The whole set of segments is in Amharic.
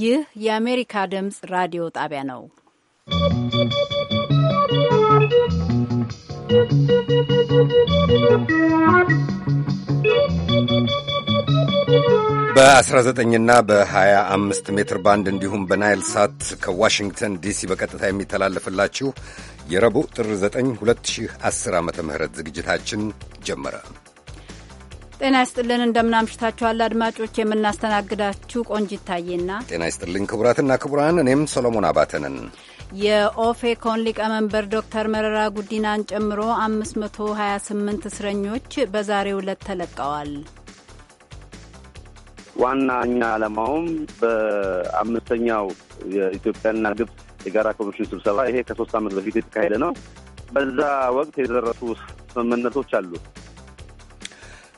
ይህ የአሜሪካ ድምፅ ራዲዮ ጣቢያ ነው። በ19 ና በ25 ሜትር ባንድ እንዲሁም በናይል ሳት ከዋሽንግተን ዲሲ በቀጥታ የሚተላለፍላችሁ የረቡዕ ጥር 9 2010 ዓ ም ዝግጅታችን ጀመረ። ጤና ይስጥልን እንደምናምሽታችኋል አድማጮች የምናስተናግዳችሁ ቆንጅ ይታየና ጤና ይስጥልኝ ክቡራትና ክቡራን እኔም ሰሎሞን አባተንን የኦፌኮን ሊቀመንበር ዶክተር መረራ ጉዲናን ጨምሮ 528 እስረኞች በዛሬው ዕለት ተለቀዋል። ዋናኛ ዓላማውም በአምስተኛው የኢትዮጵያና ግብፅ የጋራ ኮሚሽን ስብሰባ ይሄ ከሶስት ዓመት በፊት የተካሄደ ነው። በዛ ወቅት የደረሱ ስምምነቶች አሉ።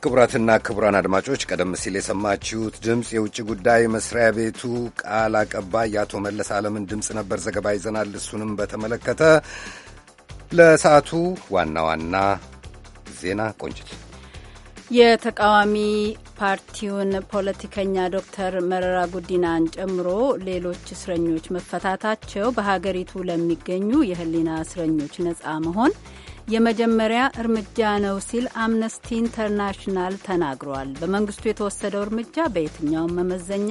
ክቡራትና ክቡራን አድማጮች ቀደም ሲል የሰማችሁት ድምፅ የውጭ ጉዳይ መስሪያ ቤቱ ቃል አቀባይ የአቶ መለስ ዓለምን ድምፅ ነበር። ዘገባ ይዘናል። እሱንም በተመለከተ ለሰዓቱ ዋና ዋና ዜና ቆንጭት የተቃዋሚ ፓርቲውን ፖለቲከኛ ዶክተር መረራ ጉዲናን ጨምሮ ሌሎች እስረኞች መፈታታቸው በሀገሪቱ ለሚገኙ የሕሊና እስረኞች ነጻ መሆን የመጀመሪያ እርምጃ ነው ሲል አምነስቲ ኢንተርናሽናል ተናግሯል። በመንግስቱ የተወሰደው እርምጃ በየትኛውም መመዘኛ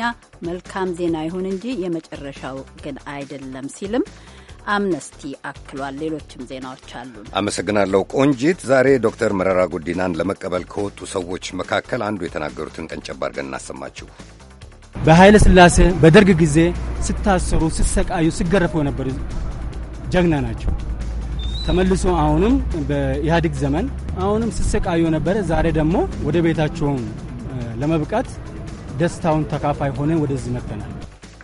መልካም ዜና ይሁን እንጂ የመጨረሻው ግን አይደለም ሲልም አምነስቲ አክሏል። ሌሎችም ዜናዎች አሉ። አመሰግናለሁ ቆንጂት። ዛሬ ዶክተር መረራ ጉዲናን ለመቀበል ከወጡ ሰዎች መካከል አንዱ የተናገሩትን ቀንጨብ አድርገን እናሰማችሁ። በኃይለ ሥላሴ በደርግ ጊዜ ስታሰሩ፣ ስሰቃዩ፣ ስገረፈው የነበሩ ጀግና ናቸው። ተመልሶ አሁንም በኢህአዴግ ዘመን አሁንም ስሰቃዩ ነበረ። ዛሬ ደግሞ ወደ ቤታቸውን ለመብቃት ደስታውን ተካፋይ ሆነ ወደዚህ መጥተናል።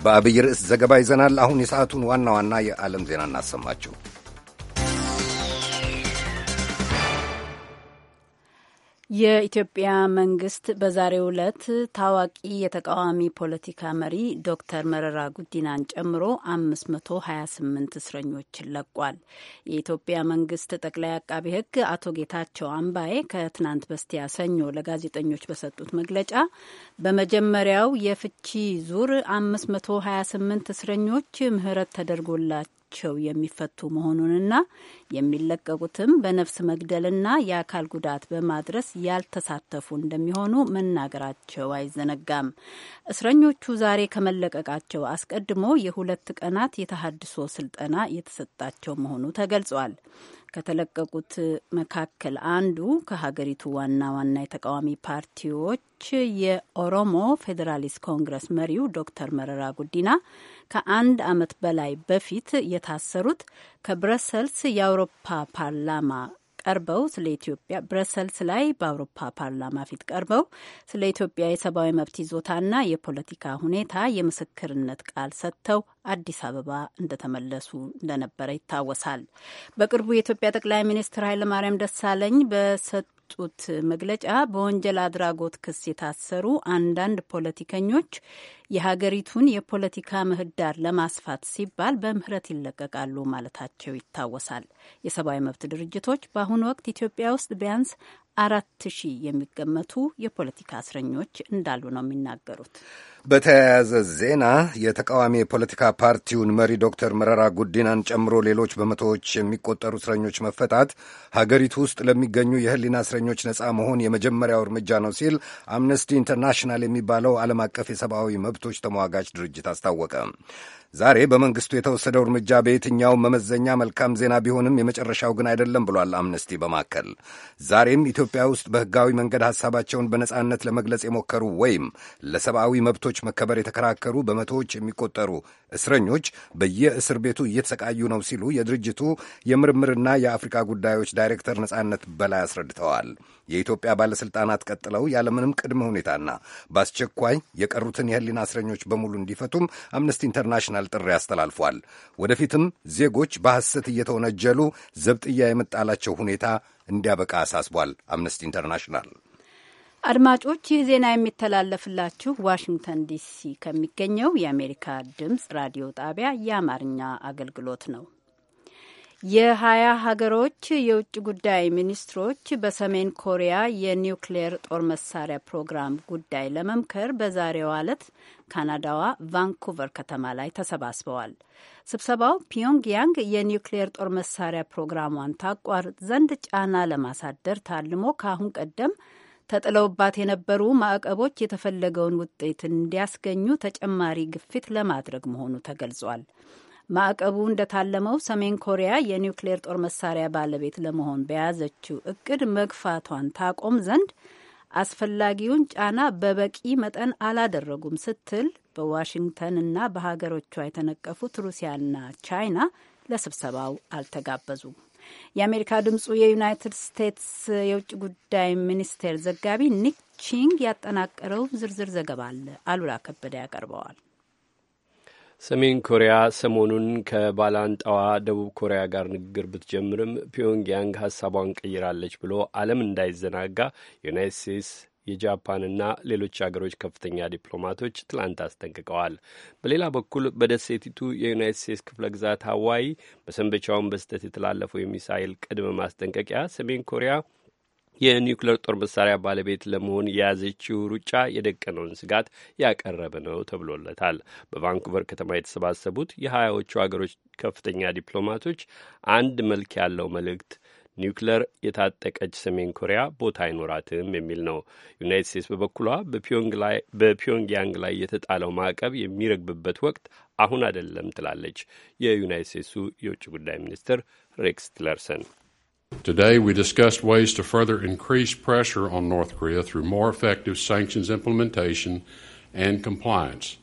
በአብይ ርዕስ ዘገባ ይዘናል። አሁን የሰዓቱን ዋና ዋና የዓለም ዜና እናሰማችሁ። የኢትዮጵያ መንግስት በዛሬው ዕለት ታዋቂ የተቃዋሚ ፖለቲካ መሪ ዶክተር መረራ ጉዲናን ጨምሮ 528 እስረኞችን ለቋል። የኢትዮጵያ መንግስት ጠቅላይ አቃቢ ሕግ አቶ ጌታቸው አምባዬ ከትናንት በስቲያ ሰኞ ለጋዜጠኞች በሰጡት መግለጫ በመጀመሪያው የፍቺ ዙር 528 እስረኞች ምህረት ተደርጎላቸው ናቸው የሚፈቱ መሆኑንና የሚለቀቁትም በነፍስ መግደልና የአካል ጉዳት በማድረስ ያልተሳተፉ እንደሚሆኑ መናገራቸው አይዘነጋም። እስረኞቹ ዛሬ ከመለቀቃቸው አስቀድሞ የሁለት ቀናት የተሃድሶ ስልጠና የተሰጣቸው መሆኑ ተገልጿል። ከተለቀቁት መካከል አንዱ ከሀገሪቱ ዋና ዋና የተቃዋሚ ፓርቲዎች የኦሮሞ ፌዴራሊስት ኮንግረስ መሪው ዶክተር መረራ ጉዲና ከአንድ ዓመት በላይ በፊት የታሰሩት ከብረሰልስ የአውሮፓ ፓርላማ ቀርበው ስለ ኢትዮጵያ ብረሰልስ ላይ በአውሮፓ ፓርላማ ፊት ቀርበው ስለ ኢትዮጵያ የሰብአዊ መብት ይዞታና የፖለቲካ ሁኔታ የምስክርነት ቃል ሰጥተው አዲስ አበባ እንደተመለሱ እንደነበረ ይታወሳል። በቅርቡ የኢትዮጵያ ጠቅላይ ሚኒስትር ኃይለማርያም ደሳለኝ በሰጡ ባወጡት መግለጫ በወንጀል አድራጎት ክስ የታሰሩ አንዳንድ ፖለቲከኞች የሀገሪቱን የፖለቲካ ምህዳር ለማስፋት ሲባል በምህረት ይለቀቃሉ ማለታቸው ይታወሳል። የሰብአዊ መብት ድርጅቶች በአሁኑ ወቅት ኢትዮጵያ ውስጥ ቢያንስ አራት ሺህ የሚገመቱ የፖለቲካ እስረኞች እንዳሉ ነው የሚናገሩት። በተያያዘ ዜና የተቃዋሚ የፖለቲካ ፓርቲውን መሪ ዶክተር መረራ ጉዲናን ጨምሮ ሌሎች በመቶዎች የሚቆጠሩ እስረኞች መፈታት ሀገሪቱ ውስጥ ለሚገኙ የሕሊና እስረኞች ነፃ መሆን የመጀመሪያው እርምጃ ነው ሲል አምነስቲ ኢንተርናሽናል የሚባለው ዓለም አቀፍ የሰብአዊ መብቶች ተሟጋች ድርጅት አስታወቀ። ዛሬ በመንግስቱ የተወሰደው እርምጃ በየትኛውም መመዘኛ መልካም ዜና ቢሆንም የመጨረሻው ግን አይደለም ብሏል አምነስቲ በማከል። ዛሬም ኢትዮጵያ ውስጥ በህጋዊ መንገድ ሐሳባቸውን በነጻነት ለመግለጽ የሞከሩ ወይም ለሰብአዊ መብቶች መከበር የተከራከሩ በመቶዎች የሚቆጠሩ እስረኞች በየእስር ቤቱ እየተሰቃዩ ነው ሲሉ የድርጅቱ የምርምርና የአፍሪካ ጉዳዮች ዳይሬክተር ነጻነት በላይ አስረድተዋል። የኢትዮጵያ ባለሥልጣናት ቀጥለው ያለምንም ቅድመ ሁኔታና በአስቸኳይ የቀሩትን የህሊና እስረኞች በሙሉ እንዲፈቱም አምነስቲ ኢንተርናሽናል እንዲጣል ጥሪ አስተላልፏል። ወደፊትም ዜጎች በሐሰት እየተወነጀሉ ዘብጥያ የመጣላቸው ሁኔታ እንዲያበቃ አሳስቧል አምነስቲ ኢንተርናሽናል። አድማጮች ይህ ዜና የሚተላለፍላችሁ ዋሽንግተን ዲሲ ከሚገኘው የአሜሪካ ድምፅ ራዲዮ ጣቢያ የአማርኛ አገልግሎት ነው። የሀያ ሀገሮች የውጭ ጉዳይ ሚኒስትሮች በሰሜን ኮሪያ የኒውክሌር ጦር መሳሪያ ፕሮግራም ጉዳይ ለመምከር በዛሬው ዕለት ካናዳዋ ቫንኩቨር ከተማ ላይ ተሰባስበዋል። ስብሰባው ፒዮንግያንግ የኒውክሌር ጦር መሳሪያ ፕሮግራሟን ታቋርጥ ዘንድ ጫና ለማሳደር ታልሞ ከአሁን ቀደም ተጥለውባት የነበሩ ማዕቀቦች የተፈለገውን ውጤት እንዲያስገኙ ተጨማሪ ግፊት ለማድረግ መሆኑ ተገልጿል። ማዕቀቡ እንደታለመው ሰሜን ኮሪያ የኒውክሌር ጦር መሳሪያ ባለቤት ለመሆን በያዘችው እቅድ መግፋቷን ታቆም ዘንድ አስፈላጊውን ጫና በበቂ መጠን አላደረጉም ስትል በዋሽንግተን እና በሀገሮቿ የተነቀፉት ሩሲያና ቻይና ለስብሰባው አልተጋበዙም። የአሜሪካ ድምጹ የዩናይትድ ስቴትስ የውጭ ጉዳይ ሚኒስቴር ዘጋቢ ኒክ ቺንግ ያጠናቀረው ዝርዝር ዘገባ አለ። አሉላ ከበደ ያቀርበዋል። ሰሜን ኮሪያ ሰሞኑን ከባላንጣዋ ደቡብ ኮሪያ ጋር ንግግር ብትጀምርም ፒዮንግያንግ ሀሳቧን ቀይራለች ብሎ ዓለም እንዳይዘናጋ ዩናይት ስቴትስ የጃፓንና ሌሎች አገሮች ከፍተኛ ዲፕሎማቶች ትላንት አስጠንቅቀዋል። በሌላ በኩል በደሴቲቱ የዩናይት ስቴትስ ክፍለ ግዛት ሀዋይ በሰንበቻውን በስህተት የተላለፈው የሚሳይል ቅድመ ማስጠንቀቂያ ሰሜን ኮሪያ የኒውክሌር ጦር መሳሪያ ባለቤት ለመሆን የያዘችው ሩጫ የደቀነውን ስጋት ያቀረበ ነው ተብሎለታል። በቫንኩቨር ከተማ የተሰባሰቡት የሀያዎቹ ሀገሮች ከፍተኛ ዲፕሎማቶች አንድ መልክ ያለው መልእክት ኒውክሌር የታጠቀች ሰሜን ኮሪያ ቦታ አይኖራትም የሚል ነው። ዩናይትድ ስቴትስ በበኩሏ በፒዮንግያንግ ላይ የተጣለው ማዕቀብ የሚረግብበት ወቅት አሁን አይደለም ትላለች። የዩናይትድ ስቴትሱ የውጭ ጉዳይ ሚኒስትር ሬክስ ቲለርሰን Today, we discussed ways to further increase pressure on North Korea through more effective sanctions implementation and compliance.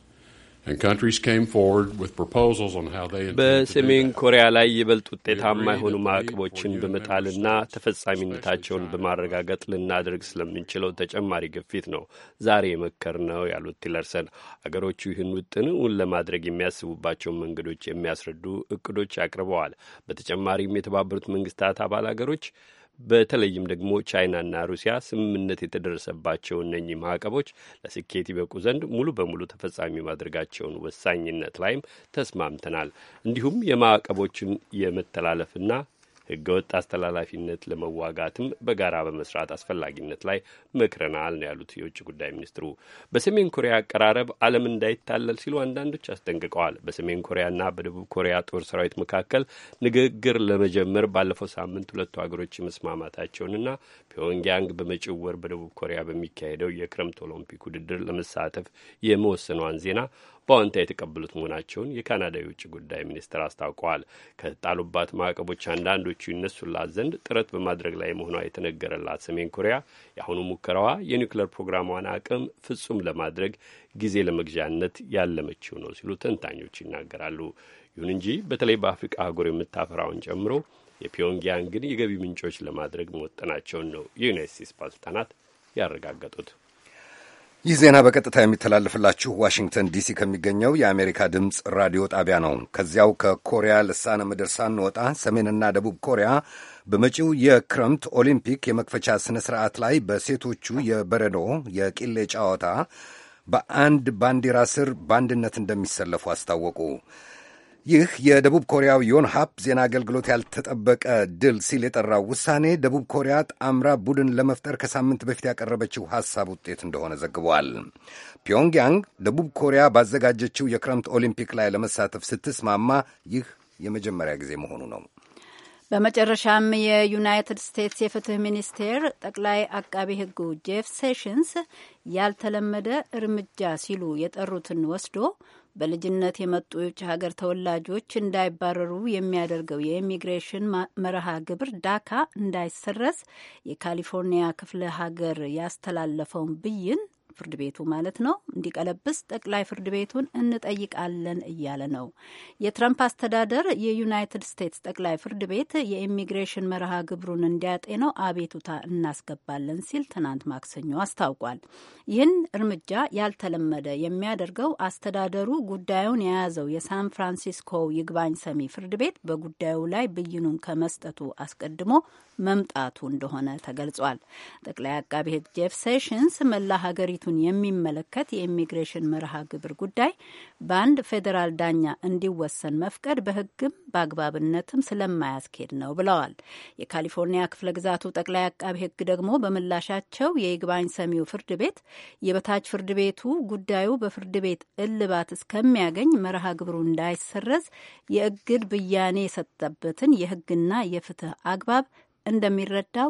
በሰሜን ኮሪያ ላይ ይበልጥ ውጤታማ የሆኑ ማዕቀቦችን በመጣልና ተፈጻሚነታቸውን በማረጋገጥ ልናደርግ ስለምንችለው ተጨማሪ ግፊት ነው ዛሬ የመከር ነው ያሉት ቲለርሰን አገሮቹ ይህን ውጥን እውን ለማድረግ የሚያስቡባቸውን መንገዶች የሚያስረዱ እቅዶች አቅርበዋል። በተጨማሪም የተባበሩት መንግስታት አባል አገሮች በተለይም ደግሞ ቻይናና ሩሲያ ስምምነት የተደረሰባቸው እነኚህ ማዕቀቦች ለስኬት ይበቁ ዘንድ ሙሉ በሙሉ ተፈጻሚ ማድረጋቸውን ወሳኝነት ላይም ተስማምተናል። እንዲሁም የማዕቀቦችን የመተላለፍና ህገወጥ አስተላላፊነት ለመዋጋትም በጋራ በመስራት አስፈላጊነት ላይ መክረናል ነው ያሉት የውጭ ጉዳይ ሚኒስትሩ። በሰሜን ኮሪያ አቀራረብ ዓለም እንዳይታለል ሲሉ አንዳንዶች አስጠንቅቀዋል። በሰሜን ኮሪያና በደቡብ ኮሪያ ጦር ሰራዊት መካከል ንግግር ለመጀመር ባለፈው ሳምንት ሁለቱ ሀገሮች መስማማታቸውንና ፒዮንግያንግ በመጪው ወር በደቡብ ኮሪያ በሚካሄደው የክረምት ኦሎምፒክ ውድድር ለመሳተፍ የመወሰኗን ዜና በዋንታ የተቀበሉት መሆናቸውን የካናዳ የውጭ ጉዳይ ሚኒስትር አስታውቀዋል። ከተጣሉባት ማዕቀቦች አንዳንዶቹ ይነሱላት ዘንድ ጥረት በማድረግ ላይ መሆኗ የተነገረላት ሰሜን ኮሪያ የአሁኑ ሙከራዋ የኒውክሌር ፕሮግራሟን አቅም ፍጹም ለማድረግ ጊዜ ለመግዣነት ያለመችው ነው ሲሉ ተንታኞች ይናገራሉ። ይሁን እንጂ በተለይ በአፍሪቃ አህጉር የምታፈራውን ጨምሮ የፒዮንግያንግን የገቢ ምንጮች ለማድረግ መወጠናቸውን ነው የዩናይት ስቴትስ ባለስልጣናት ያረጋገጡት። ይህ ዜና በቀጥታ የሚተላለፍላችሁ ዋሽንግተን ዲሲ ከሚገኘው የአሜሪካ ድምፅ ራዲዮ ጣቢያ ነው። ከዚያው ከኮሪያ ልሳነ ምድር ሳንወጣ ሰሜንና ደቡብ ኮሪያ በመጪው የክረምት ኦሊምፒክ የመክፈቻ ስነ ስርዓት ላይ በሴቶቹ የበረዶ የቂሌ ጨዋታ በአንድ ባንዲራ ስር በአንድነት እንደሚሰለፉ አስታወቁ። ይህ የደቡብ ኮሪያው ዮንሃፕ ዜና አገልግሎት ያልተጠበቀ ድል ሲል የጠራው ውሳኔ ደቡብ ኮሪያ ጣምራ ቡድን ለመፍጠር ከሳምንት በፊት ያቀረበችው ሐሳብ ውጤት እንደሆነ ዘግቧል። ፒዮንግያንግ ደቡብ ኮሪያ ባዘጋጀችው የክረምት ኦሊምፒክ ላይ ለመሳተፍ ስትስማማ ይህ የመጀመሪያ ጊዜ መሆኑ ነው። በመጨረሻም የዩናይትድ ስቴትስ የፍትህ ሚኒስቴር ጠቅላይ አቃቢ ሕጉ ጄፍ ሴሽንስ ያልተለመደ እርምጃ ሲሉ የጠሩትን ወስዶ በልጅነት የመጡ የውጭ ሀገር ተወላጆች እንዳይባረሩ የሚያደርገው የኢሚግሬሽን መርሃ ግብር ዳካ እንዳይሰረዝ የካሊፎርኒያ ክፍለ ሀገር ያስተላለፈውን ብይን ፍርድ ቤቱ ማለት ነው እንዲቀለብስ ጠቅላይ ፍርድ ቤቱን እንጠይቃለን እያለ ነው። የትረምፕ አስተዳደር የዩናይትድ ስቴትስ ጠቅላይ ፍርድ ቤት የኢሚግሬሽን መርሃ ግብሩን እንዲያጤነው አቤቱታ እናስገባለን ሲል ትናንት ማክሰኞ አስታውቋል። ይህን እርምጃ ያልተለመደ የሚያደርገው አስተዳደሩ ጉዳዩን የያዘው የሳን ፍራንሲስኮ ይግባኝ ሰሚ ፍርድ ቤት በጉዳዩ ላይ ብይኑን ከመስጠቱ አስቀድሞ መምጣቱ እንደሆነ ተገልጿል። ጠቅላይ አቃቤ ሕግ ጄፍ ሴሽንስ መላ ሀገሪቱ ሂደቱን የሚመለከት የኢሚግሬሽን መርሃ ግብር ጉዳይ በአንድ ፌዴራል ዳኛ እንዲወሰን መፍቀድ በሕግም በአግባብነትም ስለማያስኬድ ነው ብለዋል። የካሊፎርኒያ ክፍለ ግዛቱ ጠቅላይ አቃቢ ሕግ ደግሞ በምላሻቸው የይግባኝ ሰሚው ፍርድ ቤት የበታች ፍርድ ቤቱ ጉዳዩ በፍርድ ቤት እልባት እስከሚያገኝ መርሃ ግብሩ እንዳይሰረዝ የእግድ ብያኔ የሰጠበትን የሕግና የፍትህ አግባብ እንደሚረዳው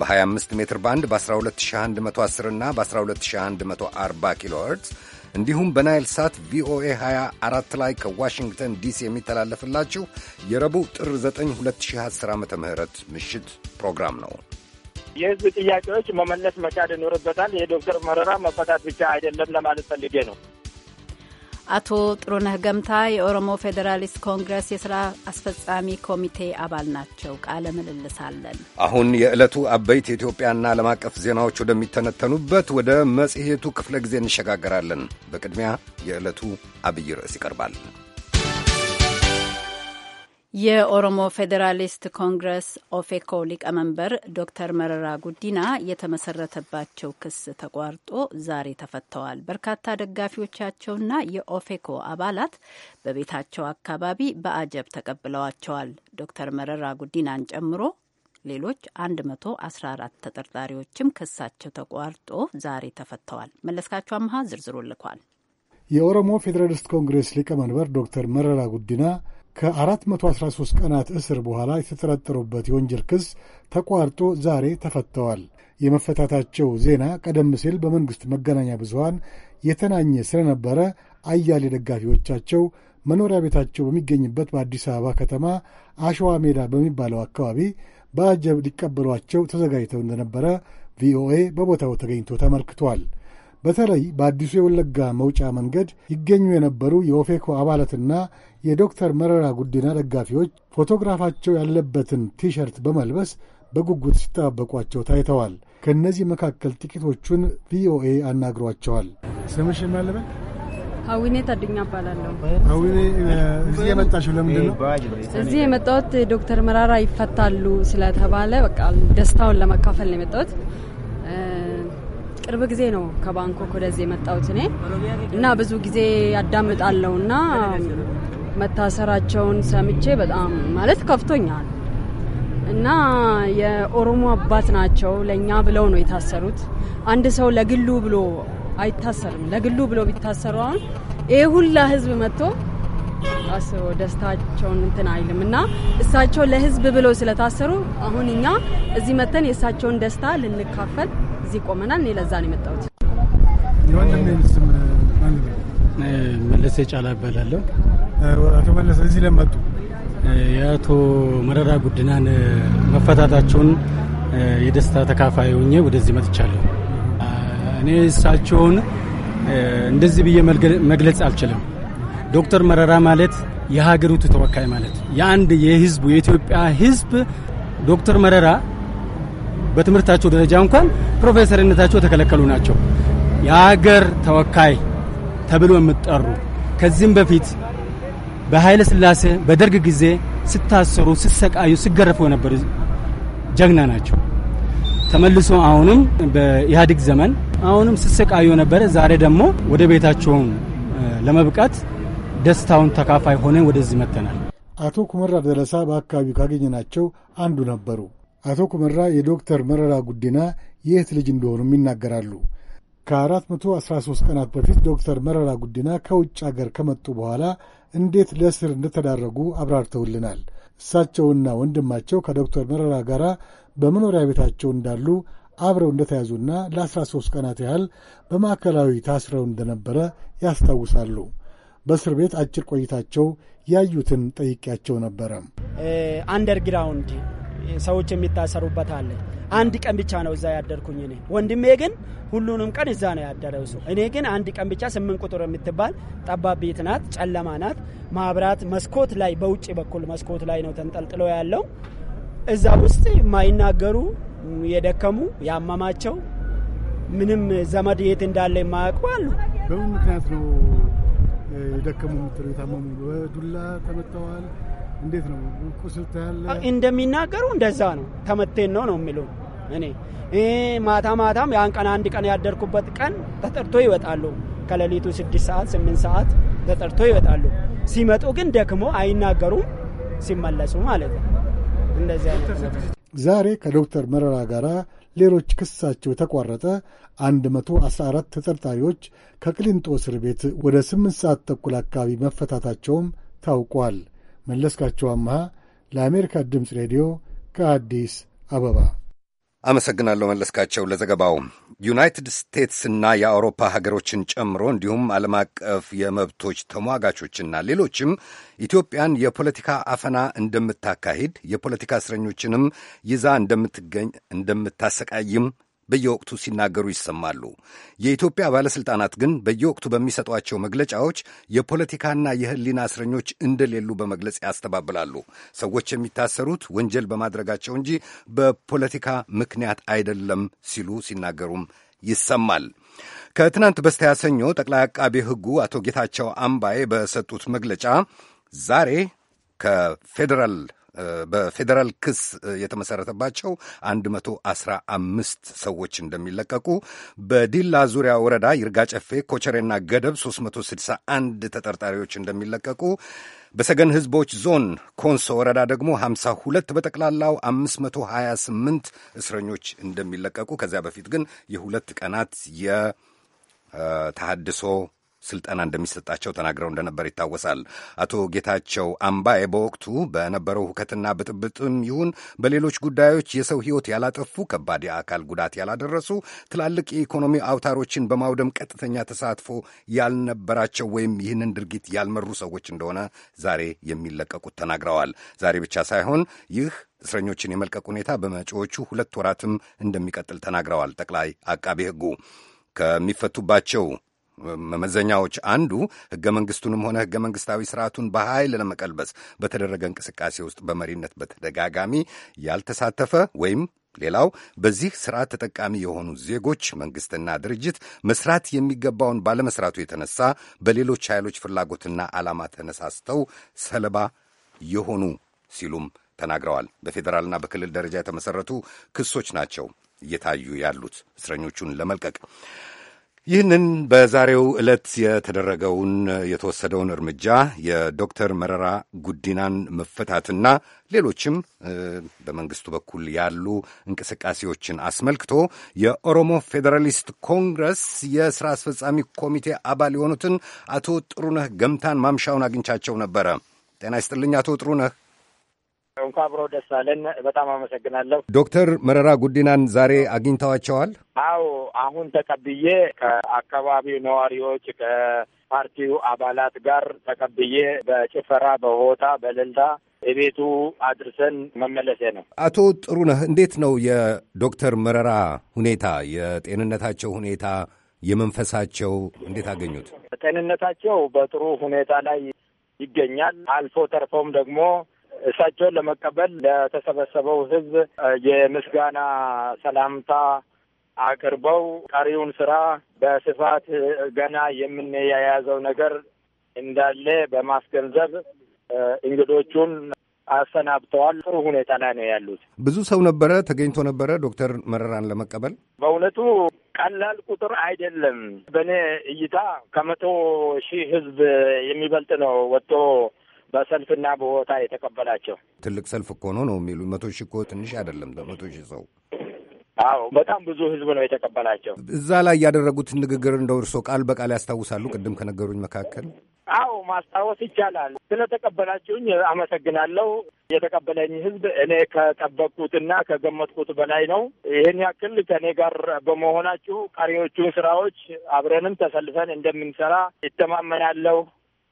በ25 ሜትር ባንድ በ12110 እና በ12140 ኪሎ እንዲሁም በናይል ሳት ቪኦኤ 24 ላይ ከዋሽንግተን ዲሲ የሚተላለፍላችሁ የረቡዕ ጥር 9 2010 ዓ ም ምሽት ፕሮግራም ነው። የህዝብ ጥያቄዎች መመለስ መቻል ይኖርበታል። የዶክተር መረራ መፈታት ብቻ አይደለም ለማለት ፈልጌ ነው። አቶ ጥሩነህ ገምታ የኦሮሞ ፌዴራሊስት ኮንግረስ የሥራ አስፈጻሚ ኮሚቴ አባል ናቸው። ቃለ ምልልስ አለን። አሁን የዕለቱ አበይት የኢትዮጵያና ዓለም አቀፍ ዜናዎች ወደሚተነተኑበት ወደ መጽሔቱ ክፍለ ጊዜ እንሸጋገራለን። በቅድሚያ የዕለቱ አብይ ርዕስ ይቀርባል። የኦሮሞ ፌዴራሊስት ኮንግረስ ኦፌኮ ሊቀመንበር ዶክተር መረራ ጉዲና የተመሰረተባቸው ክስ ተቋርጦ ዛሬ ተፈተዋል። በርካታ ደጋፊዎቻቸውና የኦፌኮ አባላት በቤታቸው አካባቢ በአጀብ ተቀብለዋቸዋል። ዶክተር መረራ ጉዲናን ጨምሮ ሌሎች 114 ተጠርጣሪዎችም ክሳቸው ተቋርጦ ዛሬ ተፈተዋል። መለስካቸው አምሃ ዝርዝሩ ልኳል። የኦሮሞ ፌዴራሊስት ኮንግሬስ ሊቀመንበር ዶክተር መረራ ጉዲና ከ413 ቀናት እስር በኋላ የተጠረጠሩበት የወንጀል ክስ ተቋርጦ ዛሬ ተፈተዋል። የመፈታታቸው ዜና ቀደም ሲል በመንግሥት መገናኛ ብዙሃን የተናኘ ስለነበረ አያሌ ደጋፊዎቻቸው መኖሪያ ቤታቸው በሚገኝበት በአዲስ አበባ ከተማ አሸዋ ሜዳ በሚባለው አካባቢ በአጀብ ሊቀበሏቸው ተዘጋጅተው እንደነበረ ቪኦኤ በቦታው ተገኝቶ ተመልክቷል። በተለይ በአዲሱ የወለጋ መውጫ መንገድ ይገኙ የነበሩ የኦፌኮ አባላትና የዶክተር መረራ ጉዲና ደጋፊዎች ፎቶግራፋቸው ያለበትን ቲሸርት በመልበስ በጉጉት ሲጠባበቋቸው ታይተዋል። ከእነዚህ መካከል ጥቂቶቹን ቪኦኤ አናግሯቸዋል። ስምሽ ማለበት አዊኔ ታድኛ እባላለሁ። አዊኔ እዚህ የመጣሽው ለምንድን ነው? እዚህ የመጣሁት ዶክተር መራራ ይፈታሉ ስለተባለ በቃ ደስታውን ለመካፈል ነው የመጣሁት። ቅርብ ጊዜ ነው ከባንኮክ ወደዚህ የመጣሁት እኔ እና ብዙ ጊዜ ያዳምጣለሁ እና መታሰራቸውን ሰምቼ በጣም ማለት ከፍቶኛል። እና የኦሮሞ አባት ናቸው ለእኛ ብለው ነው የታሰሩት። አንድ ሰው ለግሉ ብሎ አይታሰርም። ለግሉ ብሎ ቢታሰሩ አሁን ይህ ሁላ ህዝብ መጥቶ አስበው ደስታቸውን እንትን አይልም እና እሳቸው ለህዝብ ብለው ስለታሰሩ አሁን እኛ እዚህ መተን የእሳቸውን ደስታ ልንካፈል እዚህ ቆመናል። እኔ ለዛ ነው የመጣሁት። መለሰ ጫላ እባላለሁ። አቶ መለሰ እዚህ ለመጡ የአቶ መረራ ጉድናን መፈታታቸውን የደስታ ተካፋይ ሆኜ ወደዚህ መጥቻለሁ። እኔ እሳቸውን እንደዚህ ብዬ መግለጽ አልችልም። ዶክተር መረራ ማለት የሀገሪቱ ተወካይ ማለት የአንድ የህዝቡ የኢትዮጵያ ህዝብ ዶክተር መረራ በትምህርታቸው ደረጃ እንኳን ፕሮፌሰርነታቸው የተከለከሉ ናቸው። የሀገር ተወካይ ተብሎ የምትጠሩ ከዚህም በፊት በኃይለ ሥላሴ በደርግ ጊዜ ስታሰሩ፣ ስሰቃዩ፣ ስገረፉ የነበሩ ጀግና ናቸው። ተመልሶ አሁንም በኢህአዴግ ዘመን አሁንም ስሰቃዩ የነበረ ዛሬ ደግሞ ወደ ቤታቸውን ለመብቃት ደስታውን ተካፋይ ሆነ ወደዚህ መጥተናል። አቶ ኩመራ ደረሳ በአካባቢው ካገኘናቸው አንዱ ነበሩ። አቶ ኩመራ የዶክተር መረራ ጉዲና የእህት ልጅ እንደሆኑም ይናገራሉ። ከ413 ቀናት በፊት ዶክተር መረራ ጉዲና ከውጭ አገር ከመጡ በኋላ እንዴት ለእስር እንደተዳረጉ አብራርተውልናል። እሳቸውና ወንድማቸው ከዶክተር መረራ ጋር በመኖሪያ ቤታቸው እንዳሉ አብረው እንደተያዙና ለ13 ቀናት ያህል በማዕከላዊ ታስረው እንደነበረ ያስታውሳሉ። በእስር ቤት አጭር ቆይታቸው ያዩትን ጠይቄያቸው ነበረ። አንደርግራውንድ ሰዎች የሚታሰሩበት አለ። አንድ ቀን ብቻ ነው እዛ ያደርኩኝ እኔ። ወንድሜ ግን ሁሉንም ቀን እዛ ነው ያደረው ሰው። እኔ ግን አንድ ቀን ብቻ ስምንት ቁጥር የምትባል ጠባብ ቤት ናት፣ ጨለማ ናት። ማብራት መስኮት ላይ በውጭ በኩል መስኮት ላይ ነው ተንጠልጥሎ ያለው። እዛ ውስጥ የማይናገሩ የደከሙ ያመማቸው ምንም ዘመድ የት እንዳለ የማያውቁ አሉ። በምን ምክንያት ነው የደከሙ የምትለው? የታመሙ በዱላ ተመተዋል እንዴት ነው ቁስል እንደሚናገሩ እንደዛ ነው። ተመቴን ነው ነው የሚሉ እኔ ማታ ማታም ያን ቀን አንድ ቀን ያደርኩበት ቀን ተጠርቶ ይወጣሉ። ከሌሊቱ ስድስት ሰዓት ስምንት ሰዓት ተጠርቶ ይወጣሉ። ሲመጡ ግን ደክሞ አይናገሩም ሲመለሱ ማለት ነው። እንደዚህ ዛሬ ከዶክተር መረራ ጋር ሌሎች ክሳቸው የተቋረጠ 114 ተጠርጣሪዎች ከቅሊንጦ እስር ቤት ወደ 8 ሰዓት ተኩል አካባቢ መፈታታቸውም ታውቋል። መለስካቸው አምሃ ለአሜሪካ ድምፅ ሬዲዮ ከአዲስ አበባ አመሰግናለሁ መለስካቸው ለዘገባው። ዩናይትድ ስቴትስና የአውሮፓ ሀገሮችን ጨምሮ እንዲሁም ዓለም አቀፍ የመብቶች ተሟጋቾችና ሌሎችም ኢትዮጵያን የፖለቲካ አፈና እንደምታካሂድ የፖለቲካ እስረኞችንም ይዛ እንደምትገኝ እንደምታሰቃይም በየወቅቱ ሲናገሩ ይሰማሉ። የኢትዮጵያ ባለሥልጣናት ግን በየወቅቱ በሚሰጧቸው መግለጫዎች የፖለቲካና የሕሊና እስረኞች እንደሌሉ በመግለጽ ያስተባብላሉ። ሰዎች የሚታሰሩት ወንጀል በማድረጋቸው እንጂ በፖለቲካ ምክንያት አይደለም ሲሉ ሲናገሩም ይሰማል። ከትናንት በስቲያ ሰኞ ጠቅላይ አቃቤ ሕጉ አቶ ጌታቸው አምባዬ በሰጡት መግለጫ ዛሬ ከፌዴራል በፌዴራል ክስ የተመሰረተባቸው 115 ሰዎች እንደሚለቀቁ በዲላ ዙሪያ ወረዳ ይርጋ ጨፌ፣ ኮቸሬና ገደብ 361 ተጠርጣሪዎች እንደሚለቀቁ በሰገን ህዝቦች ዞን ኮንሶ ወረዳ ደግሞ 52 በጠቅላላው 528 እስረኞች እንደሚለቀቁ ከዚያ በፊት ግን የሁለት ቀናት የተሃድሶ ስልጠና እንደሚሰጣቸው ተናግረው እንደነበር ይታወሳል። አቶ ጌታቸው አምባዬ በወቅቱ በነበረው ሁከትና ብጥብጥም ይሁን በሌሎች ጉዳዮች የሰው ሕይወት ያላጠፉ፣ ከባድ የአካል ጉዳት ያላደረሱ፣ ትላልቅ የኢኮኖሚ አውታሮችን በማውደም ቀጥተኛ ተሳትፎ ያልነበራቸው ወይም ይህንን ድርጊት ያልመሩ ሰዎች እንደሆነ ዛሬ የሚለቀቁት ተናግረዋል። ዛሬ ብቻ ሳይሆን ይህ እስረኞችን የመልቀቅ ሁኔታ በመጪዎቹ ሁለት ወራትም እንደሚቀጥል ተናግረዋል። ጠቅላይ አቃቤ ሕጉ ከሚፈቱባቸው መመዘኛዎች አንዱ ህገ መንግስቱንም ሆነ ህገ መንግስታዊ ስርዓቱን በኃይል ለመቀልበስ በተደረገ እንቅስቃሴ ውስጥ በመሪነት በተደጋጋሚ ያልተሳተፈ ወይም ሌላው በዚህ ስርዓት ተጠቃሚ የሆኑ ዜጎች መንግስትና ድርጅት መስራት የሚገባውን ባለመስራቱ የተነሳ በሌሎች ኃይሎች ፍላጎትና ዓላማ ተነሳስተው ሰለባ የሆኑ ሲሉም ተናግረዋል። በፌዴራልና በክልል ደረጃ የተመሰረቱ ክሶች ናቸው እየታዩ ያሉት እስረኞቹን ለመልቀቅ ይህንን በዛሬው ዕለት የተደረገውን የተወሰደውን እርምጃ የዶክተር መረራ ጉዲናን መፈታትና ሌሎችም በመንግስቱ በኩል ያሉ እንቅስቃሴዎችን አስመልክቶ የኦሮሞ ፌዴራሊስት ኮንግረስ የሥራ አስፈጻሚ ኮሚቴ አባል የሆኑትን አቶ ጥሩነህ ገምታን ማምሻውን አግኝቻቸው ነበረ። ጤና ይስጥልኝ አቶ ጥሩነህ። እንኳ አብሮ ደስ አለን። በጣም አመሰግናለሁ። ዶክተር መረራ ጉዲናን ዛሬ አግኝተዋቸዋል? አዎ፣ አሁን ተቀብዬ ከአካባቢው ነዋሪዎች ከፓርቲው አባላት ጋር ተቀብዬ በጭፈራ በሆታ በእልልታ የቤቱ አድርሰን መመለሴ ነው። አቶ ጥሩነህ እንዴት ነው የዶክተር መረራ ሁኔታ፣ የጤንነታቸው ሁኔታ፣ የመንፈሳቸው እንዴት አገኙት? ጤንነታቸው በጥሩ ሁኔታ ላይ ይገኛል። አልፎ ተርፎም ደግሞ እሳቸውን ለመቀበል ለተሰበሰበው ህዝብ የምስጋና ሰላምታ አቅርበው ቀሪውን ስራ በስፋት ገና የምንያያዘው ነገር እንዳለ በማስገንዘብ እንግዶቹን አሰናብተዋል። ጥሩ ሁኔታ ላይ ነው ያሉት። ብዙ ሰው ነበረ ተገኝቶ ነበረ ዶክተር መረራን ለመቀበል። በእውነቱ ቀላል ቁጥር አይደለም። በእኔ እይታ ከመቶ ሺህ ህዝብ የሚበልጥ ነው ወጥቶ በሰልፍና በሆታ የተቀበላቸው ትልቅ ሰልፍ እኮ ነው ነው የሚሉ መቶ ሺህ እኮ ትንሽ አይደለም። በመቶ ሺህ ሰው አዎ፣ በጣም ብዙ ህዝብ ነው የተቀበላቸው። እዛ ላይ ያደረጉት ንግግር እንደው እርስዎ ቃል በቃል ያስታውሳሉ? ቅድም ከነገሩኝ መካከል አዎ፣ ማስታወስ ይቻላል። ስለተቀበላችሁኝ አመሰግናለሁ። የተቀበለኝ ህዝብ እኔ ከጠበቅኩትና ከገመትኩት በላይ ነው። ይህን ያክል ከእኔ ጋር በመሆናችሁ ቀሪዎቹን ስራዎች አብረንም ተሰልፈን እንደምንሰራ ይተማመናለሁ።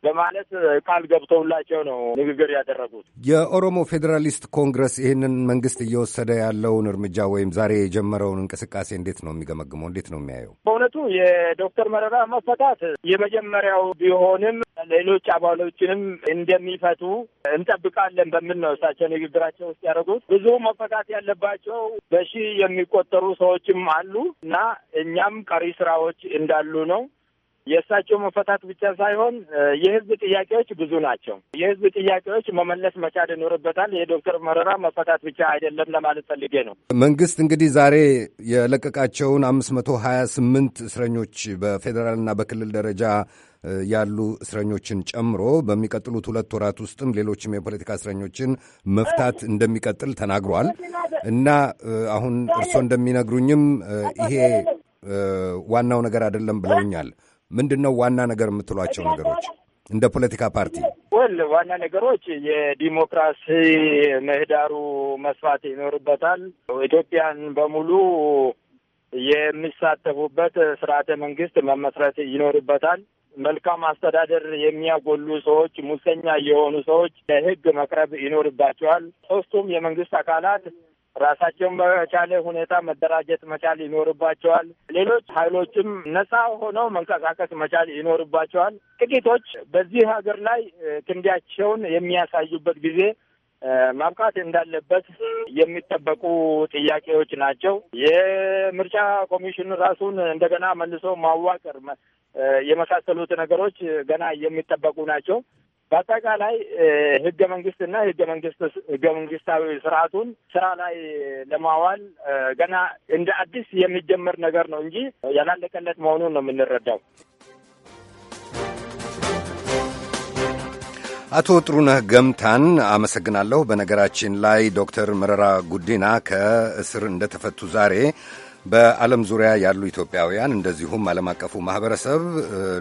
በማለት ቃል ገብተውላቸው ነው ንግግር ያደረጉት። የኦሮሞ ፌዴራሊስት ኮንግረስ ይህንን መንግስት እየወሰደ ያለውን እርምጃ ወይም ዛሬ የጀመረውን እንቅስቃሴ እንዴት ነው የሚገመግመው? እንዴት ነው የሚያየው? በእውነቱ የዶክተር መረራ መፈታት የመጀመሪያው ቢሆንም ሌሎች አባሎችንም እንደሚፈቱ እንጠብቃለን በሚል ነው እሳቸው ንግግራቸው ውስጥ ያደረጉት። ብዙ መፈታት ያለባቸው በሺህ የሚቆጠሩ ሰዎችም አሉ እና እኛም ቀሪ ስራዎች እንዳሉ ነው የእሳቸው መፈታት ብቻ ሳይሆን የህዝብ ጥያቄዎች ብዙ ናቸው። የህዝብ ጥያቄዎች መመለስ መቻል ይኖርበታል። የዶክተር መረራ መፈታት ብቻ አይደለም ለማለት ፈልጌ ነው። መንግስት እንግዲህ ዛሬ የለቀቃቸውን አምስት መቶ ሀያ ስምንት እስረኞች በፌዴራልና በክልል ደረጃ ያሉ እስረኞችን ጨምሮ በሚቀጥሉት ሁለት ወራት ውስጥም ሌሎችም የፖለቲካ እስረኞችን መፍታት እንደሚቀጥል ተናግሯል እና አሁን እርስዎ እንደሚነግሩኝም ይሄ ዋናው ነገር አይደለም ብለውኛል። ምንድን ነው ዋና ነገር የምትሏቸው ነገሮች እንደ ፖለቲካ ፓርቲ? ወል ዋና ነገሮች የዲሞክራሲ ምህዳሩ መስፋት ይኖርበታል። ኢትዮጵያን በሙሉ የሚሳተፉበት ስርዓተ መንግስት መመስረት ይኖርበታል። መልካም አስተዳደር የሚያጎሉ ሰዎች፣ ሙሰኛ የሆኑ ሰዎች ለህግ መቅረብ ይኖርባቸዋል። ሶስቱም የመንግስት አካላት ራሳቸውን በቻለ ሁኔታ መደራጀት መቻል ይኖርባቸዋል። ሌሎች ኃይሎችም ነፃ ሆነው መንቀሳቀስ መቻል ይኖርባቸዋል። ጥቂቶች በዚህ ሀገር ላይ ክንዲያቸውን የሚያሳዩበት ጊዜ ማብቃት እንዳለበት የሚጠበቁ ጥያቄዎች ናቸው። የምርጫ ኮሚሽን ራሱን እንደገና መልሶ ማዋቅር የመሳሰሉት ነገሮች ገና የሚጠበቁ ናቸው። በአጠቃላይ ህገ መንግስትና ህገ መንግስት ህገ መንግስታዊ ስርዓቱን ስራ ላይ ለማዋል ገና እንደ አዲስ የሚጀመር ነገር ነው እንጂ ያላለቀለት መሆኑን ነው የምንረዳው። አቶ ጥሩነህ ገምታን አመሰግናለሁ። በነገራችን ላይ ዶክተር መረራ ጉዲና ከእስር እንደተፈቱ ዛሬ በዓለም ዙሪያ ያሉ ኢትዮጵያውያን እንደዚሁም ዓለም አቀፉ ማህበረሰብ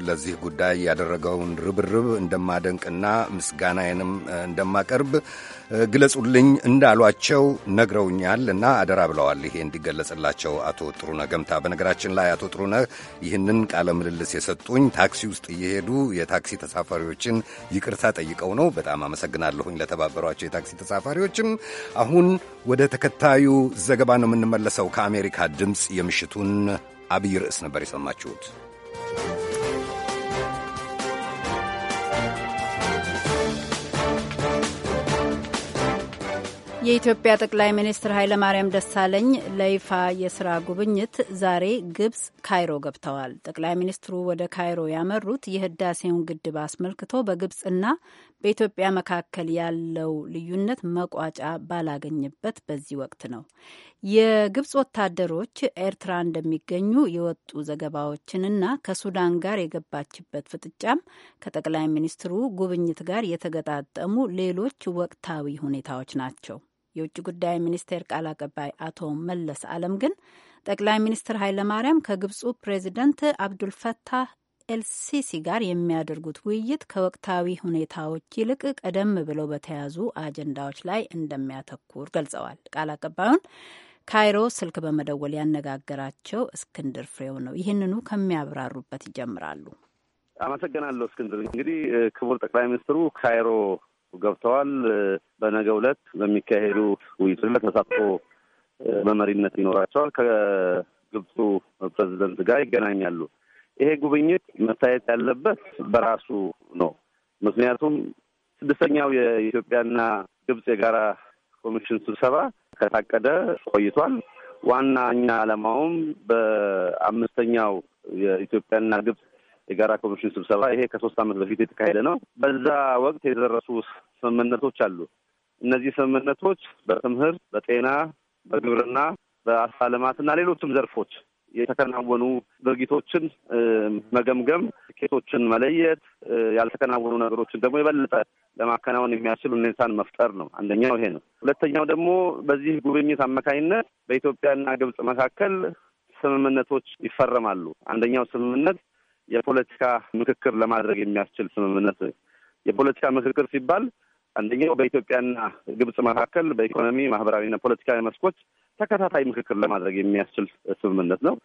ለዚህ ጉዳይ ያደረገውን ርብርብ እንደማደንቅና ምስጋናዬንም እንደማቀርብ ግለጹልኝ እንዳሏቸው ነግረውኛል እና አደራ ብለዋል። ይሄ እንዲገለጽላቸው አቶ ጥሩነ ገምታ። በነገራችን ላይ አቶ ጥሩነ ይህንን ቃለ ምልልስ የሰጡኝ ታክሲ ውስጥ እየሄዱ የታክሲ ተሳፋሪዎችን ይቅርታ ጠይቀው ነው። በጣም አመሰግናለሁኝ ለተባበሯቸው የታክሲ ተሳፋሪዎችም። አሁን ወደ ተከታዩ ዘገባ ነው የምንመለሰው። ከአሜሪካ ድምፅ የምሽቱን አብይ ርዕስ ነበር የሰማችሁት። የኢትዮጵያ ጠቅላይ ሚኒስትር ኃይለማርያም ደሳለኝ ለይፋ የስራ ጉብኝት ዛሬ ግብጽ ካይሮ ገብተዋል። ጠቅላይ ሚኒስትሩ ወደ ካይሮ ያመሩት የህዳሴውን ግድብ አስመልክቶ በግብጽና በኢትዮጵያ መካከል ያለው ልዩነት መቋጫ ባላገኝበት በዚህ ወቅት ነው። የግብጽ ወታደሮች ኤርትራ እንደሚገኙ የወጡ ዘገባዎችንና ከሱዳን ጋር የገባችበት ፍጥጫም ከጠቅላይ ሚኒስትሩ ጉብኝት ጋር የተገጣጠሙ ሌሎች ወቅታዊ ሁኔታዎች ናቸው። የውጭ ጉዳይ ሚኒስቴር ቃል አቀባይ አቶ መለስ አለም ግን ጠቅላይ ሚኒስትር ኃይለማርያም ከግብፁ ፕሬዚደንት አብዱልፈታህ ኤልሲሲ ጋር የሚያደርጉት ውይይት ከወቅታዊ ሁኔታዎች ይልቅ ቀደም ብለው በተያዙ አጀንዳዎች ላይ እንደሚያተኩር ገልጸዋል። ቃል አቀባዩን ካይሮ ስልክ በመደወል ያነጋገራቸው እስክንድር ፍሬው ነው። ይህንኑ ከሚያብራሩበት ይጀምራሉ። አመሰግናለሁ እስክንድር። እንግዲህ ክቡር ጠቅላይ ሚኒስትሩ ካይሮ ገብተዋል። በነገ ዕለት በሚካሄዱ ውይይቶች ላይ ተሳትፎ በመሪነት ይኖራቸዋል። ከግብፁ ፕሬዚደንት ጋር ይገናኛሉ። ይሄ ጉብኝት መታየት ያለበት በራሱ ነው። ምክንያቱም ስድስተኛው የኢትዮጵያና ግብፅ የጋራ ኮሚሽን ስብሰባ ከታቀደ ቆይቷል። ዋናኛ ዓላማውም በአምስተኛው የኢትዮጵያና ግብፅ የጋራ ኮሚሽን ስብሰባ ይሄ ከሶስት ዓመት በፊት የተካሄደ ነው። በዛ ወቅት የደረሱ ስምምነቶች አሉ። እነዚህ ስምምነቶች በትምህርት፣ በጤና፣ በግብርና፣ በአሳ ልማትና ሌሎችም ዘርፎች የተከናወኑ ድርጊቶችን መገምገም፣ ስኬቶችን መለየት፣ ያልተከናወኑ ነገሮችን ደግሞ የበለጠ ለማከናወን የሚያስችል ሁኔታን መፍጠር ነው። አንደኛው ይሄ ነው። ሁለተኛው ደግሞ በዚህ ጉብኝት አማካኝነት በኢትዮጵያና ግብጽ መካከል ስምምነቶች ይፈረማሉ። አንደኛው ስምምነት የፖለቲካ ምክክር ለማድረግ የሚያስችል ስምምነት። የፖለቲካ ምክክር ሲባል አንደኛው በኢትዮጵያና ግብጽ መካከል በኢኮኖሚ ማህበራዊና ፖለቲካዊ መስኮች ተከታታይ ምክክር ለማድረግ የሚያስችል ስምምነት ነው።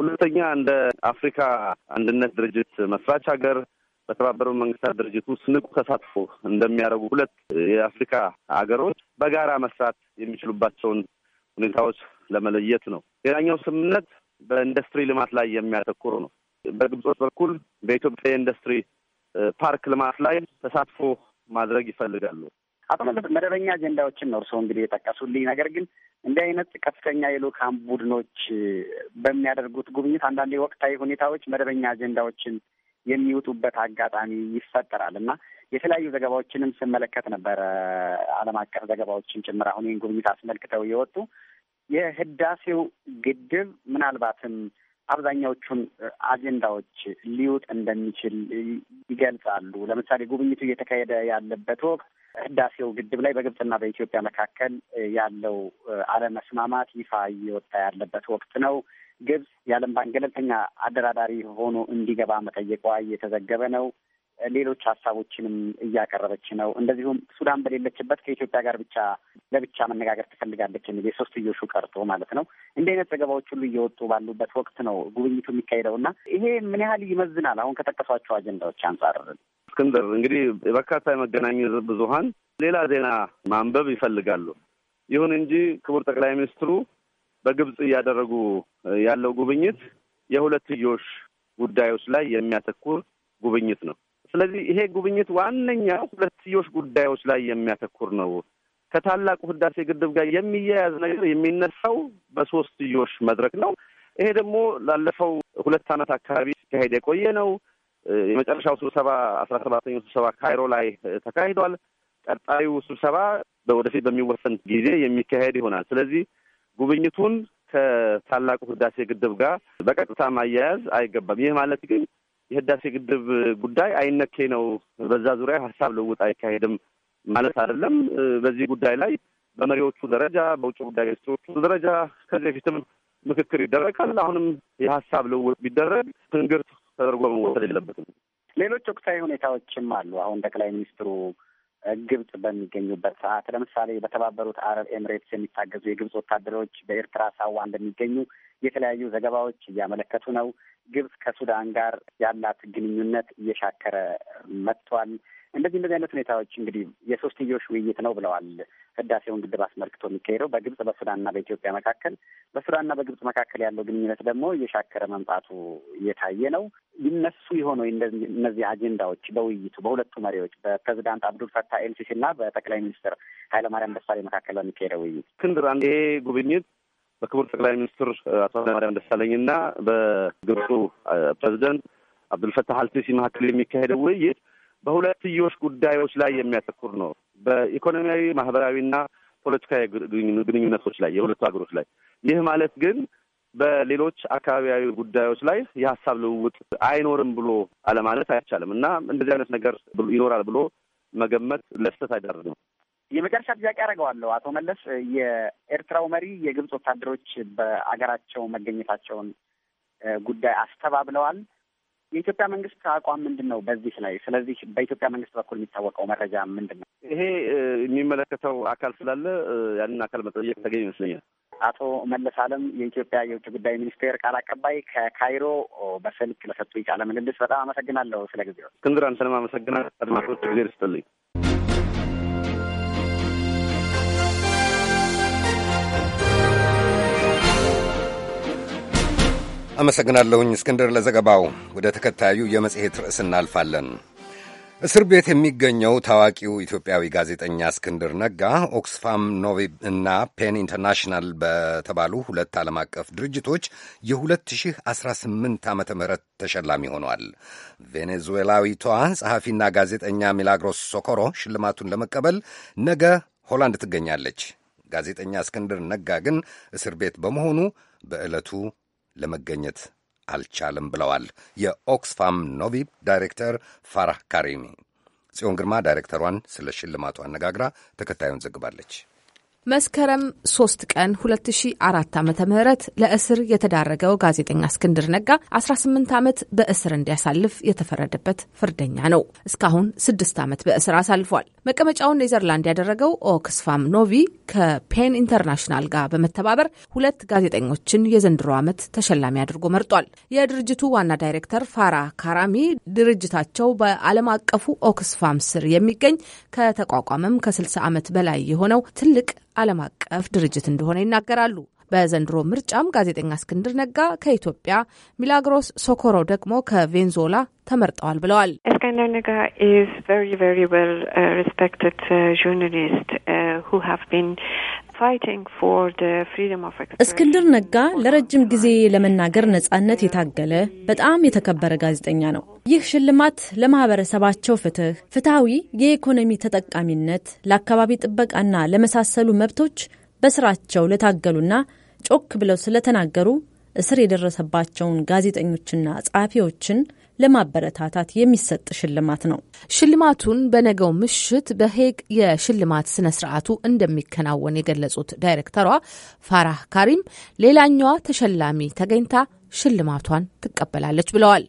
ሁለተኛ እንደ አፍሪካ አንድነት ድርጅት መስራች ሀገር በተባበሩት መንግስታት ድርጅት ውስጥ ንቁ ተሳትፎ እንደሚያደርጉ ሁለት የአፍሪካ ሀገሮች በጋራ መስራት የሚችሉባቸውን ሁኔታዎች ለመለየት ነው። ሌላኛው ስምምነት በኢንዱስትሪ ልማት ላይ የሚያተኩር ነው። በግብጾች በኩል በኢትዮጵያ የኢንዱስትሪ ፓርክ ልማት ላይ ተሳትፎ ማድረግ ይፈልጋሉ። አቶ መለስ መደበኛ አጀንዳዎችን ነው እርስዎ እንግዲህ የጠቀሱልኝ። ነገር ግን እንዲህ አይነት ከፍተኛ የልዑካን ቡድኖች በሚያደርጉት ጉብኝት አንዳንድ ወቅታዊ ሁኔታዎች መደበኛ አጀንዳዎችን የሚወጡበት አጋጣሚ ይፈጠራል እና የተለያዩ ዘገባዎችንም ስመለከት ነበረ፣ ዓለም አቀፍ ዘገባዎችን ጭምር አሁን ይህን ጉብኝት አስመልክተው የወጡ የህዳሴው ግድብ ምናልባትም አብዛኛዎቹን አጀንዳዎች ሊውጥ እንደሚችል ይገልጻሉ። ለምሳሌ ጉብኝቱ እየተካሄደ ያለበት ወቅት ህዳሴው ግድብ ላይ በግብጽና በኢትዮጵያ መካከል ያለው አለመስማማት ይፋ እየወጣ ያለበት ወቅት ነው። ግብጽ የዓለም ባንክ ገለልተኛ አደራዳሪ ሆኖ እንዲገባ መጠየቋ እየተዘገበ ነው። ሌሎች ሀሳቦችንም እያቀረበች ነው። እንደዚሁም ሱዳን በሌለችበት ከኢትዮጵያ ጋር ብቻ ለብቻ መነጋገር ትፈልጋለች የሚል የሶስትዮሹ ቀርቶ ማለት ነው። እንዲህ አይነት ዘገባዎች ሁሉ እየወጡ ባሉበት ወቅት ነው ጉብኝቱ የሚካሄደው እና ይሄ ምን ያህል ይመዝናል? አሁን ከጠቀሷቸው አጀንዳዎች አንጻር እስክንድር፣ እንግዲህ በርካታ የመገናኛ ብዙሀን ሌላ ዜና ማንበብ ይፈልጋሉ። ይሁን እንጂ ክቡር ጠቅላይ ሚኒስትሩ በግብጽ እያደረጉ ያለው ጉብኝት የሁለትዮሽ ጉዳዮች ላይ የሚያተኩር ጉብኝት ነው። ስለዚህ ይሄ ጉብኝት ዋነኛው ሁለትዮሽ ጉዳዮች ላይ የሚያተኩር ነው። ከታላቁ ህዳሴ ግድብ ጋር የሚያያዝ ነገር የሚነሳው በሶስትዮሽ መድረክ ነው። ይሄ ደግሞ ላለፈው ሁለት ዓመት አካባቢ ሲካሄድ የቆየ ነው። የመጨረሻው ስብሰባ አስራ ሰባተኛው ስብሰባ ካይሮ ላይ ተካሂዷል። ቀጣዩ ስብሰባ ወደፊት በሚወሰን ጊዜ የሚካሄድ ይሆናል። ስለዚህ ጉብኝቱን ከታላቁ ህዳሴ ግድብ ጋር በቀጥታ ማያያዝ አይገባም። ይህ ማለት ግን የህዳሴ ግድብ ጉዳይ አይነኬ ነው፣ በዛ ዙሪያ ሀሳብ ልውውጥ አይካሄድም ማለት አይደለም። በዚህ ጉዳይ ላይ በመሪዎቹ ደረጃ በውጭ ጉዳይ ሚኒስትሮቹ ደረጃ ከዚህ በፊትም ምክክር ይደረጋል። አሁንም የሀሳብ ልውውጥ ቢደረግ ትንግርት ተደርጎ መወሰድ የለበትም። ሌሎች ወቅታዊ ሁኔታዎችም አሉ። አሁን ጠቅላይ ሚኒስትሩ ግብጽ በሚገኙበት ሰዓት ለምሳሌ በተባበሩት አረብ ኤምሬትስ የሚታገዙ የግብጽ ወታደሮች በኤርትራ ሳዋ እንደሚገኙ የተለያዩ ዘገባዎች እያመለከቱ ነው። ግብጽ ከሱዳን ጋር ያላት ግንኙነት እየሻከረ መጥቷል። እንደዚህ እንደዚህ አይነት ሁኔታዎች እንግዲህ የሶስትዮሽ ውይይት ነው ብለዋል። ህዳሴውን ግድብ አስመልክቶ የሚካሄደው በግብጽ በሱዳንና በኢትዮጵያ መካከል፣ በሱዳንና በግብጽ መካከል ያለው ግንኙነት ደግሞ እየሻከረ መምጣቱ እየታየ ነው። ይነሱ የሆኑ እነዚህ አጀንዳዎች በውይይቱ በሁለቱ መሪዎች በፕሬዚዳንት አብዱል ፈታህ ኤልሲሲ እና በጠቅላይ ሚኒስትር ኃይለማርያም ደሳሌ መካከል በሚካሄደው ውይይት ክንድራን ይሄ ጉብኝት በክቡር ጠቅላይ ሚኒስትር አቶ ኃይለማርያም ደሳለኝና በግብፁ ፕሬዚደንት አብዱልፈታህ አልሲሲ መካከል የሚካሄደው ውይይት በሁለትዮሽ ጉዳዮች ላይ የሚያተኩር ነው። በኢኮኖሚያዊ ማህበራዊና ፖለቲካዊ ግንኙነቶች ላይ የሁለቱ ሀገሮች ላይ ይህ ማለት ግን በሌሎች አካባቢያዊ ጉዳዮች ላይ የሀሳብ ልውውጥ አይኖርም ብሎ አለማለት አይቻልም እና እንደዚህ አይነት ነገር ይኖራል ብሎ መገመት ለስተት አይደርግም። የመጨረሻ ጥያቄ አደርገዋለሁ። አቶ መለስ የኤርትራው መሪ የግብፅ ወታደሮች በአገራቸው መገኘታቸውን ጉዳይ አስተባብለዋል። የኢትዮጵያ መንግስት አቋም ምንድን ነው በዚህ ላይ? ስለዚህ በኢትዮጵያ መንግስት በኩል የሚታወቀው መረጃ ምንድን ነው? ይሄ የሚመለከተው አካል ስላለ ያንን አካል መጠየቅ ተገኝ ይመስለኛል። አቶ መለስ አለም የኢትዮጵያ የውጭ ጉዳይ ሚኒስቴር ቃል አቀባይ ከካይሮ በስልክ ለሰጡ ቃለ ምልልስ በጣም አመሰግናለሁ። ስለ ጊዜው እስክንድር አንተንም አመሰግናለሁ። አድማጮች ጊዜ ስጥልኝ። አመሰግናለሁኝ እስክንድር ለዘገባው። ወደ ተከታዩ የመጽሔት ርዕስ እናልፋለን። እስር ቤት የሚገኘው ታዋቂው ኢትዮጵያዊ ጋዜጠኛ እስክንድር ነጋ ኦክስፋም ኖቪ እና ፔን ኢንተርናሽናል በተባሉ ሁለት ዓለም አቀፍ ድርጅቶች የ2018 ዓ ም ተሸላሚ ሆኗል። ቬኔዙዌላዊቷ ጸሐፊና ጋዜጠኛ ሚላግሮስ ሶኮሮ ሽልማቱን ለመቀበል ነገ ሆላንድ ትገኛለች። ጋዜጠኛ እስክንድር ነጋ ግን እስር ቤት በመሆኑ በዕለቱ ለመገኘት አልቻለም ብለዋል የኦክስፋም ኖቪብ ዳይሬክተር ፋራህ ካሪሚ። ጽዮን ግርማ ዳይሬክተሯን ስለ ሽልማቱ አነጋግራ ተከታዩን ዘግባለች። መስከረም ሶስት ቀን 2004 ዓ ም ለእስር የተዳረገው ጋዜጠኛ እስክንድር ነጋ 18 ዓመት በእስር እንዲያሳልፍ የተፈረደበት ፍርደኛ ነው። እስካሁን ስድስት ዓመት በእስር አሳልፏል። መቀመጫውን ኔዘርላንድ ያደረገው ኦክስፋም ኖቪ ከፔን ኢንተርናሽናል ጋር በመተባበር ሁለት ጋዜጠኞችን የዘንድሮ ዓመት ተሸላሚ አድርጎ መርጧል። የድርጅቱ ዋና ዳይሬክተር ፋራ ካራሚ ድርጅታቸው በዓለም አቀፉ ኦክስፋም ስር የሚገኝ ከተቋቋመም ከ60 ዓመት በላይ የሆነው ትልቅ ዓለም አቀፍ ድርጅት እንደሆነ ይናገራሉ። በዘንድሮ ምርጫም ጋዜጠኛ እስክንድር ነጋ ከኢትዮጵያ፣ ሚላግሮስ ሶኮሮ ደግሞ ከቬንዙዌላ ተመርጠዋል ብለዋል። እስክንድር ነጋ ኢዝ ቨሪ ቨሪ ዌል ሪስፔክትድ ጆርናሊስት እስክንድር ነጋ ለረጅም ጊዜ ለመናገር ነጻነት የታገለ በጣም የተከበረ ጋዜጠኛ ነው። ይህ ሽልማት ለማህበረሰባቸው ፍትህ፣ ፍትሐዊ የኢኮኖሚ ተጠቃሚነት፣ ለአካባቢ ጥበቃና ለመሳሰሉ መብቶች በስራቸው ለታገሉና ጮክ ብለው ስለተናገሩ እስር የደረሰባቸውን ጋዜጠኞችና ጸሐፊዎችን ለማበረታታት የሚሰጥ ሽልማት ነው። ሽልማቱን በነገው ምሽት በሄግ የሽልማት ስነ ስርዓቱ እንደሚከናወን የገለጹት ዳይሬክተሯ ፋራህ ካሪም ሌላኛዋ ተሸላሚ ተገኝታ ሽልማቷን ትቀበላለች ብለዋል።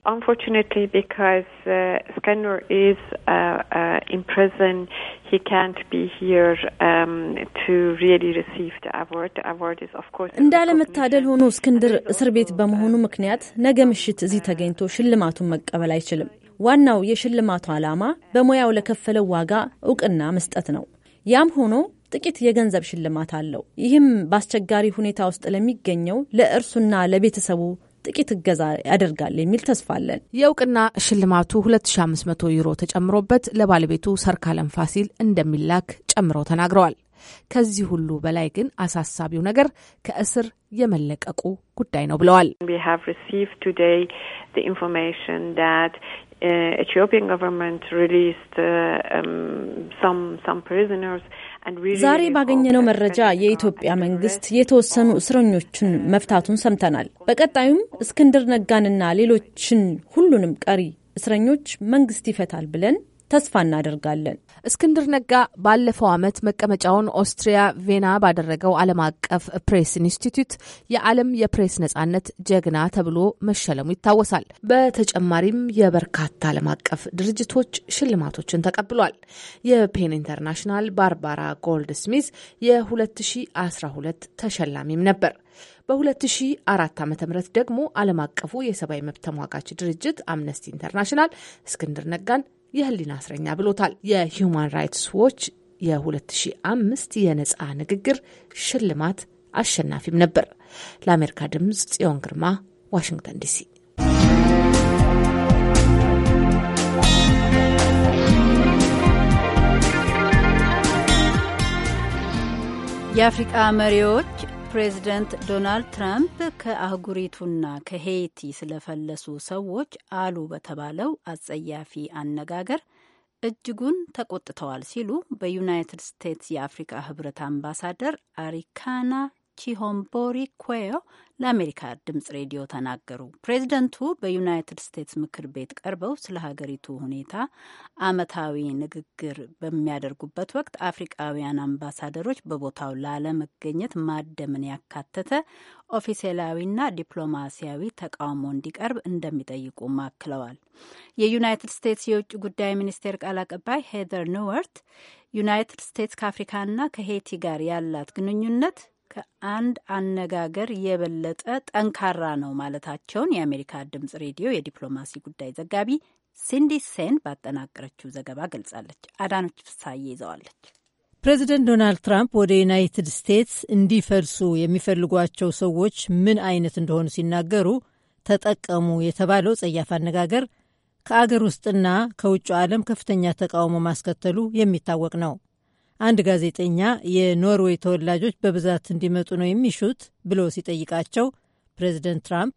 እንዳለመታደል ሆኖ እስክንድር እስር ቤት በመሆኑ ምክንያት ነገ ምሽት እዚህ ተገኝቶ ሽልማቱን መቀበል አይችልም። ዋናው የሽልማቱ ዓላማ በሙያው ለከፈለው ዋጋ እውቅና መስጠት ነው። ያም ሆኖ ጥቂት የገንዘብ ሽልማት አለው። ይህም በአስቸጋሪ ሁኔታ ውስጥ ለሚገኘው ለእርሱና ለቤተሰቡ ጥቂት እገዛ ያደርጋል የሚል ተስፋ አለን። የእውቅና ሽልማቱ 2500 ዩሮ ተጨምሮበት ለባለቤቱ ሰርካለም ፋሲል እንደሚላክ ጨምረው ተናግረዋል። ከዚህ ሁሉ በላይ ግን አሳሳቢው ነገር ከእስር የመለቀቁ ጉዳይ ነው ብለዋል። ኢትዮጵያን ገቨርንመንት ሪሊስድ ሰም ፕሪዝነርስ ዛሬ ባገኘነው መረጃ የኢትዮጵያ መንግስት የተወሰኑ እስረኞችን መፍታቱን ሰምተናል። በቀጣዩም እስክንድር ነጋንና ሌሎችን ሁሉንም ቀሪ እስረኞች መንግስት ይፈታል ብለን ተስፋ እናደርጋለን። እስክንድር ነጋ ባለፈው ዓመት መቀመጫውን ኦስትሪያ ቬና ባደረገው ዓለም አቀፍ ፕሬስ ኢንስቲትዩት የዓለም የፕሬስ ነጻነት ጀግና ተብሎ መሸለሙ ይታወሳል። በተጨማሪም የበርካታ ዓለም አቀፍ ድርጅቶች ሽልማቶችን ተቀብሏል። የፔን ኢንተርናሽናል ባርባራ ጎልድ ስሚዝ የ2012 ተሸላሚም ነበር። በ2004 ዓ.ም ደግሞ ዓለም አቀፉ የሰብአዊ መብት ተሟጋች ድርጅት አምነስቲ ኢንተርናሽናል እስክንድር ነጋን የህሊና እስረኛ ብሎታል። የሂዩማን ራይትስ ዎች የ2005 የነፃ ንግግር ሽልማት አሸናፊም ነበር። ለአሜሪካ ድምፅ ጽዮን ግርማ ዋሽንግተን ዲሲ። የአፍሪቃ መሪዎች ፕሬዚደንት ዶናልድ ትራምፕ ከአህጉሪቱና ከሄይቲ ስለፈለሱ ሰዎች አሉ በተባለው አጸያፊ አነጋገር እጅጉን ተቆጥተዋል ሲሉ በዩናይትድ ስቴትስ የአፍሪካ ህብረት አምባሳደር አሪካና ቺሆምቦሪ ኮዮ ለአሜሪካ ድምጽ ሬዲዮ ተናገሩ። ፕሬዚደንቱ በዩናይትድ ስቴትስ ምክር ቤት ቀርበው ስለ ሀገሪቱ ሁኔታ ዓመታዊ ንግግር በሚያደርጉበት ወቅት አፍሪቃውያን አምባሳደሮች በቦታው ላለመገኘት ማደምን ያካተተ ኦፊሴላዊና ዲፕሎማሲያዊ ተቃውሞ እንዲቀርብ እንደሚጠይቁ ማክለዋል። የዩናይትድ ስቴትስ የውጭ ጉዳይ ሚኒስቴር ቃል አቀባይ ሄዘር ኒወርት ዩናይትድ ስቴትስ ከአፍሪካና ከሄቲ ጋር ያላት ግንኙነት ከአንድ አነጋገር የበለጠ ጠንካራ ነው ማለታቸውን የአሜሪካ ድምጽ ሬዲዮ የዲፕሎማሲ ጉዳይ ዘጋቢ ሲንዲ ሴን ባጠናቀረችው ዘገባ ገልጻለች። አዳኖች ፍሳዬ ይዘዋለች። ፕሬዚደንት ዶናልድ ትራምፕ ወደ ዩናይትድ ስቴትስ እንዲፈልሱ የሚፈልጓቸው ሰዎች ምን አይነት እንደሆኑ ሲናገሩ ተጠቀሙ የተባለው ጸያፍ አነጋገር ከአገር ውስጥና ከውጭ ዓለም ከፍተኛ ተቃውሞ ማስከተሉ የሚታወቅ ነው። አንድ ጋዜጠኛ የኖርዌይ ተወላጆች በብዛት እንዲመጡ ነው የሚሹት ብሎ ሲጠይቃቸው ፕሬዚደንት ትራምፕ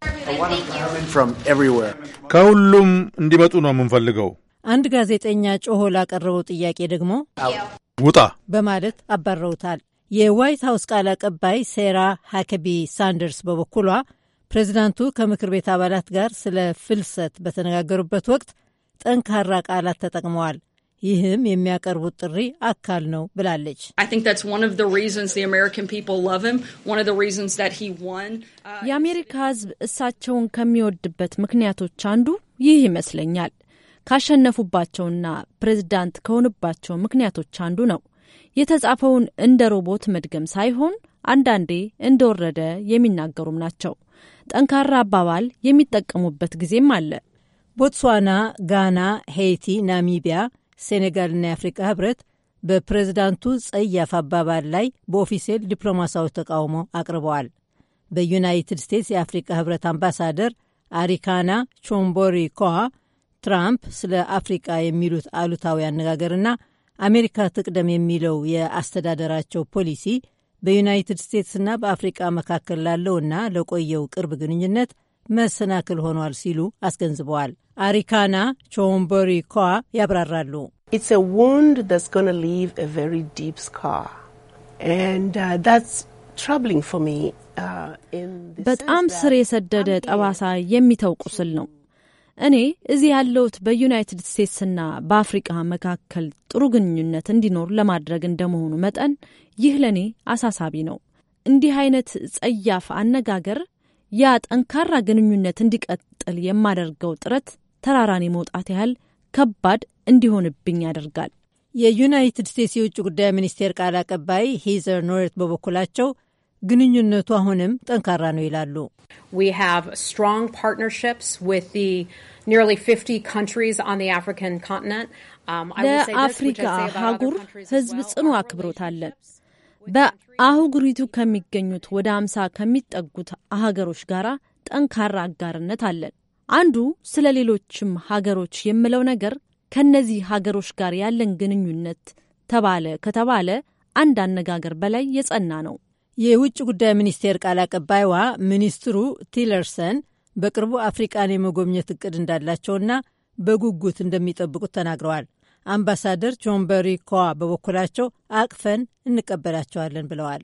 ከሁሉም እንዲመጡ ነው የምንፈልገው። አንድ ጋዜጠኛ ጮሆ ላቀረበው ጥያቄ ደግሞ ውጣ በማለት አባረውታል። የዋይት ሀውስ ቃል አቀባይ ሴራ ሃከቢ ሳንደርስ በበኩሏ ፕሬዚዳንቱ ከምክር ቤት አባላት ጋር ስለ ፍልሰት በተነጋገሩበት ወቅት ጠንካራ ቃላት ተጠቅመዋል ይህም የሚያቀርቡት ጥሪ አካል ነው ብላለች። uh, የአሜሪካ ሕዝብ እሳቸውን ከሚወድበት ምክንያቶች አንዱ ይህ ይመስለኛል። ካሸነፉባቸውና ፕሬዝዳንት ከሆኑባቸው ምክንያቶች አንዱ ነው። የተጻፈውን እንደ ሮቦት መድገም ሳይሆን አንዳንዴ እንደወረደ የሚናገሩም ናቸው። ጠንካራ አባባል የሚጠቀሙበት ጊዜም አለ። ቦትስዋና፣ ጋና፣ ሄይቲ፣ ናሚቢያ ሴኔጋልና የአፍሪቃ ህብረት በፕሬዝዳንቱ ጸያፍ አባባል ላይ በኦፊሴል ዲፕሎማሲያዊ ተቃውሞ አቅርበዋል። በዩናይትድ ስቴትስ የአፍሪቃ ህብረት አምባሳደር አሪካና ቾምቦሪ ኮዋ ትራምፕ ስለ አፍሪቃ የሚሉት አሉታዊ አነጋገርና አሜሪካ ትቅደም የሚለው የአስተዳደራቸው ፖሊሲ በዩናይትድ ስቴትስና በአፍሪቃ መካከል ላለውና ለቆየው ቅርብ ግንኙነት መሰናክል ሆኗል ሲሉ አስገንዝበዋል። አሪካና ቾምቦሪ ኳ ያብራራሉ። uh, uh, በጣም ስር የሰደደ ጠባሳ የሚተው ቁስል ነው። እኔ እዚህ ያለሁት በዩናይትድ ስቴትስና በአፍሪቃ መካከል ጥሩ ግንኙነት እንዲኖር ለማድረግ እንደመሆኑ መጠን ይህ ለእኔ አሳሳቢ ነው። እንዲህ አይነት ጸያፍ አነጋገር ያ ጠንካራ ግንኙነት እንዲቀጥል የማደርገው ጥረት ተራራን የመውጣት ያህል ከባድ እንዲሆንብኝ ያደርጋል። የዩናይትድ ስቴትስ የውጭ ጉዳይ ሚኒስቴር ቃል አቀባይ ሂዘር ኖርት በበኩላቸው ግንኙነቱ አሁንም ጠንካራ ነው ይላሉ። um, ለአፍሪካ አህጉር ሕዝብ ጽኑ አክብሮት አለን። በአህጉሪቱ ከሚገኙት ወደ አምሳ ከሚጠጉት ሀገሮች ጋር ጠንካራ አጋርነት አለን። አንዱ ስለ ሌሎችም ሀገሮች የምለው ነገር ከነዚህ ሀገሮች ጋር ያለን ግንኙነት ተባለ ከተባለ አንድ አነጋገር በላይ የጸና ነው። የውጭ ጉዳይ ሚኒስቴር ቃል አቀባይዋ ሚኒስትሩ ቲለርሰን በቅርቡ አፍሪቃን የመጎብኘት እቅድ እንዳላቸውና በጉጉት እንደሚጠብቁት ተናግረዋል። አምባሳደር ጆን በሪ ኮዋ በበኩላቸው አቅፈን እንቀበላቸዋለን ብለዋል።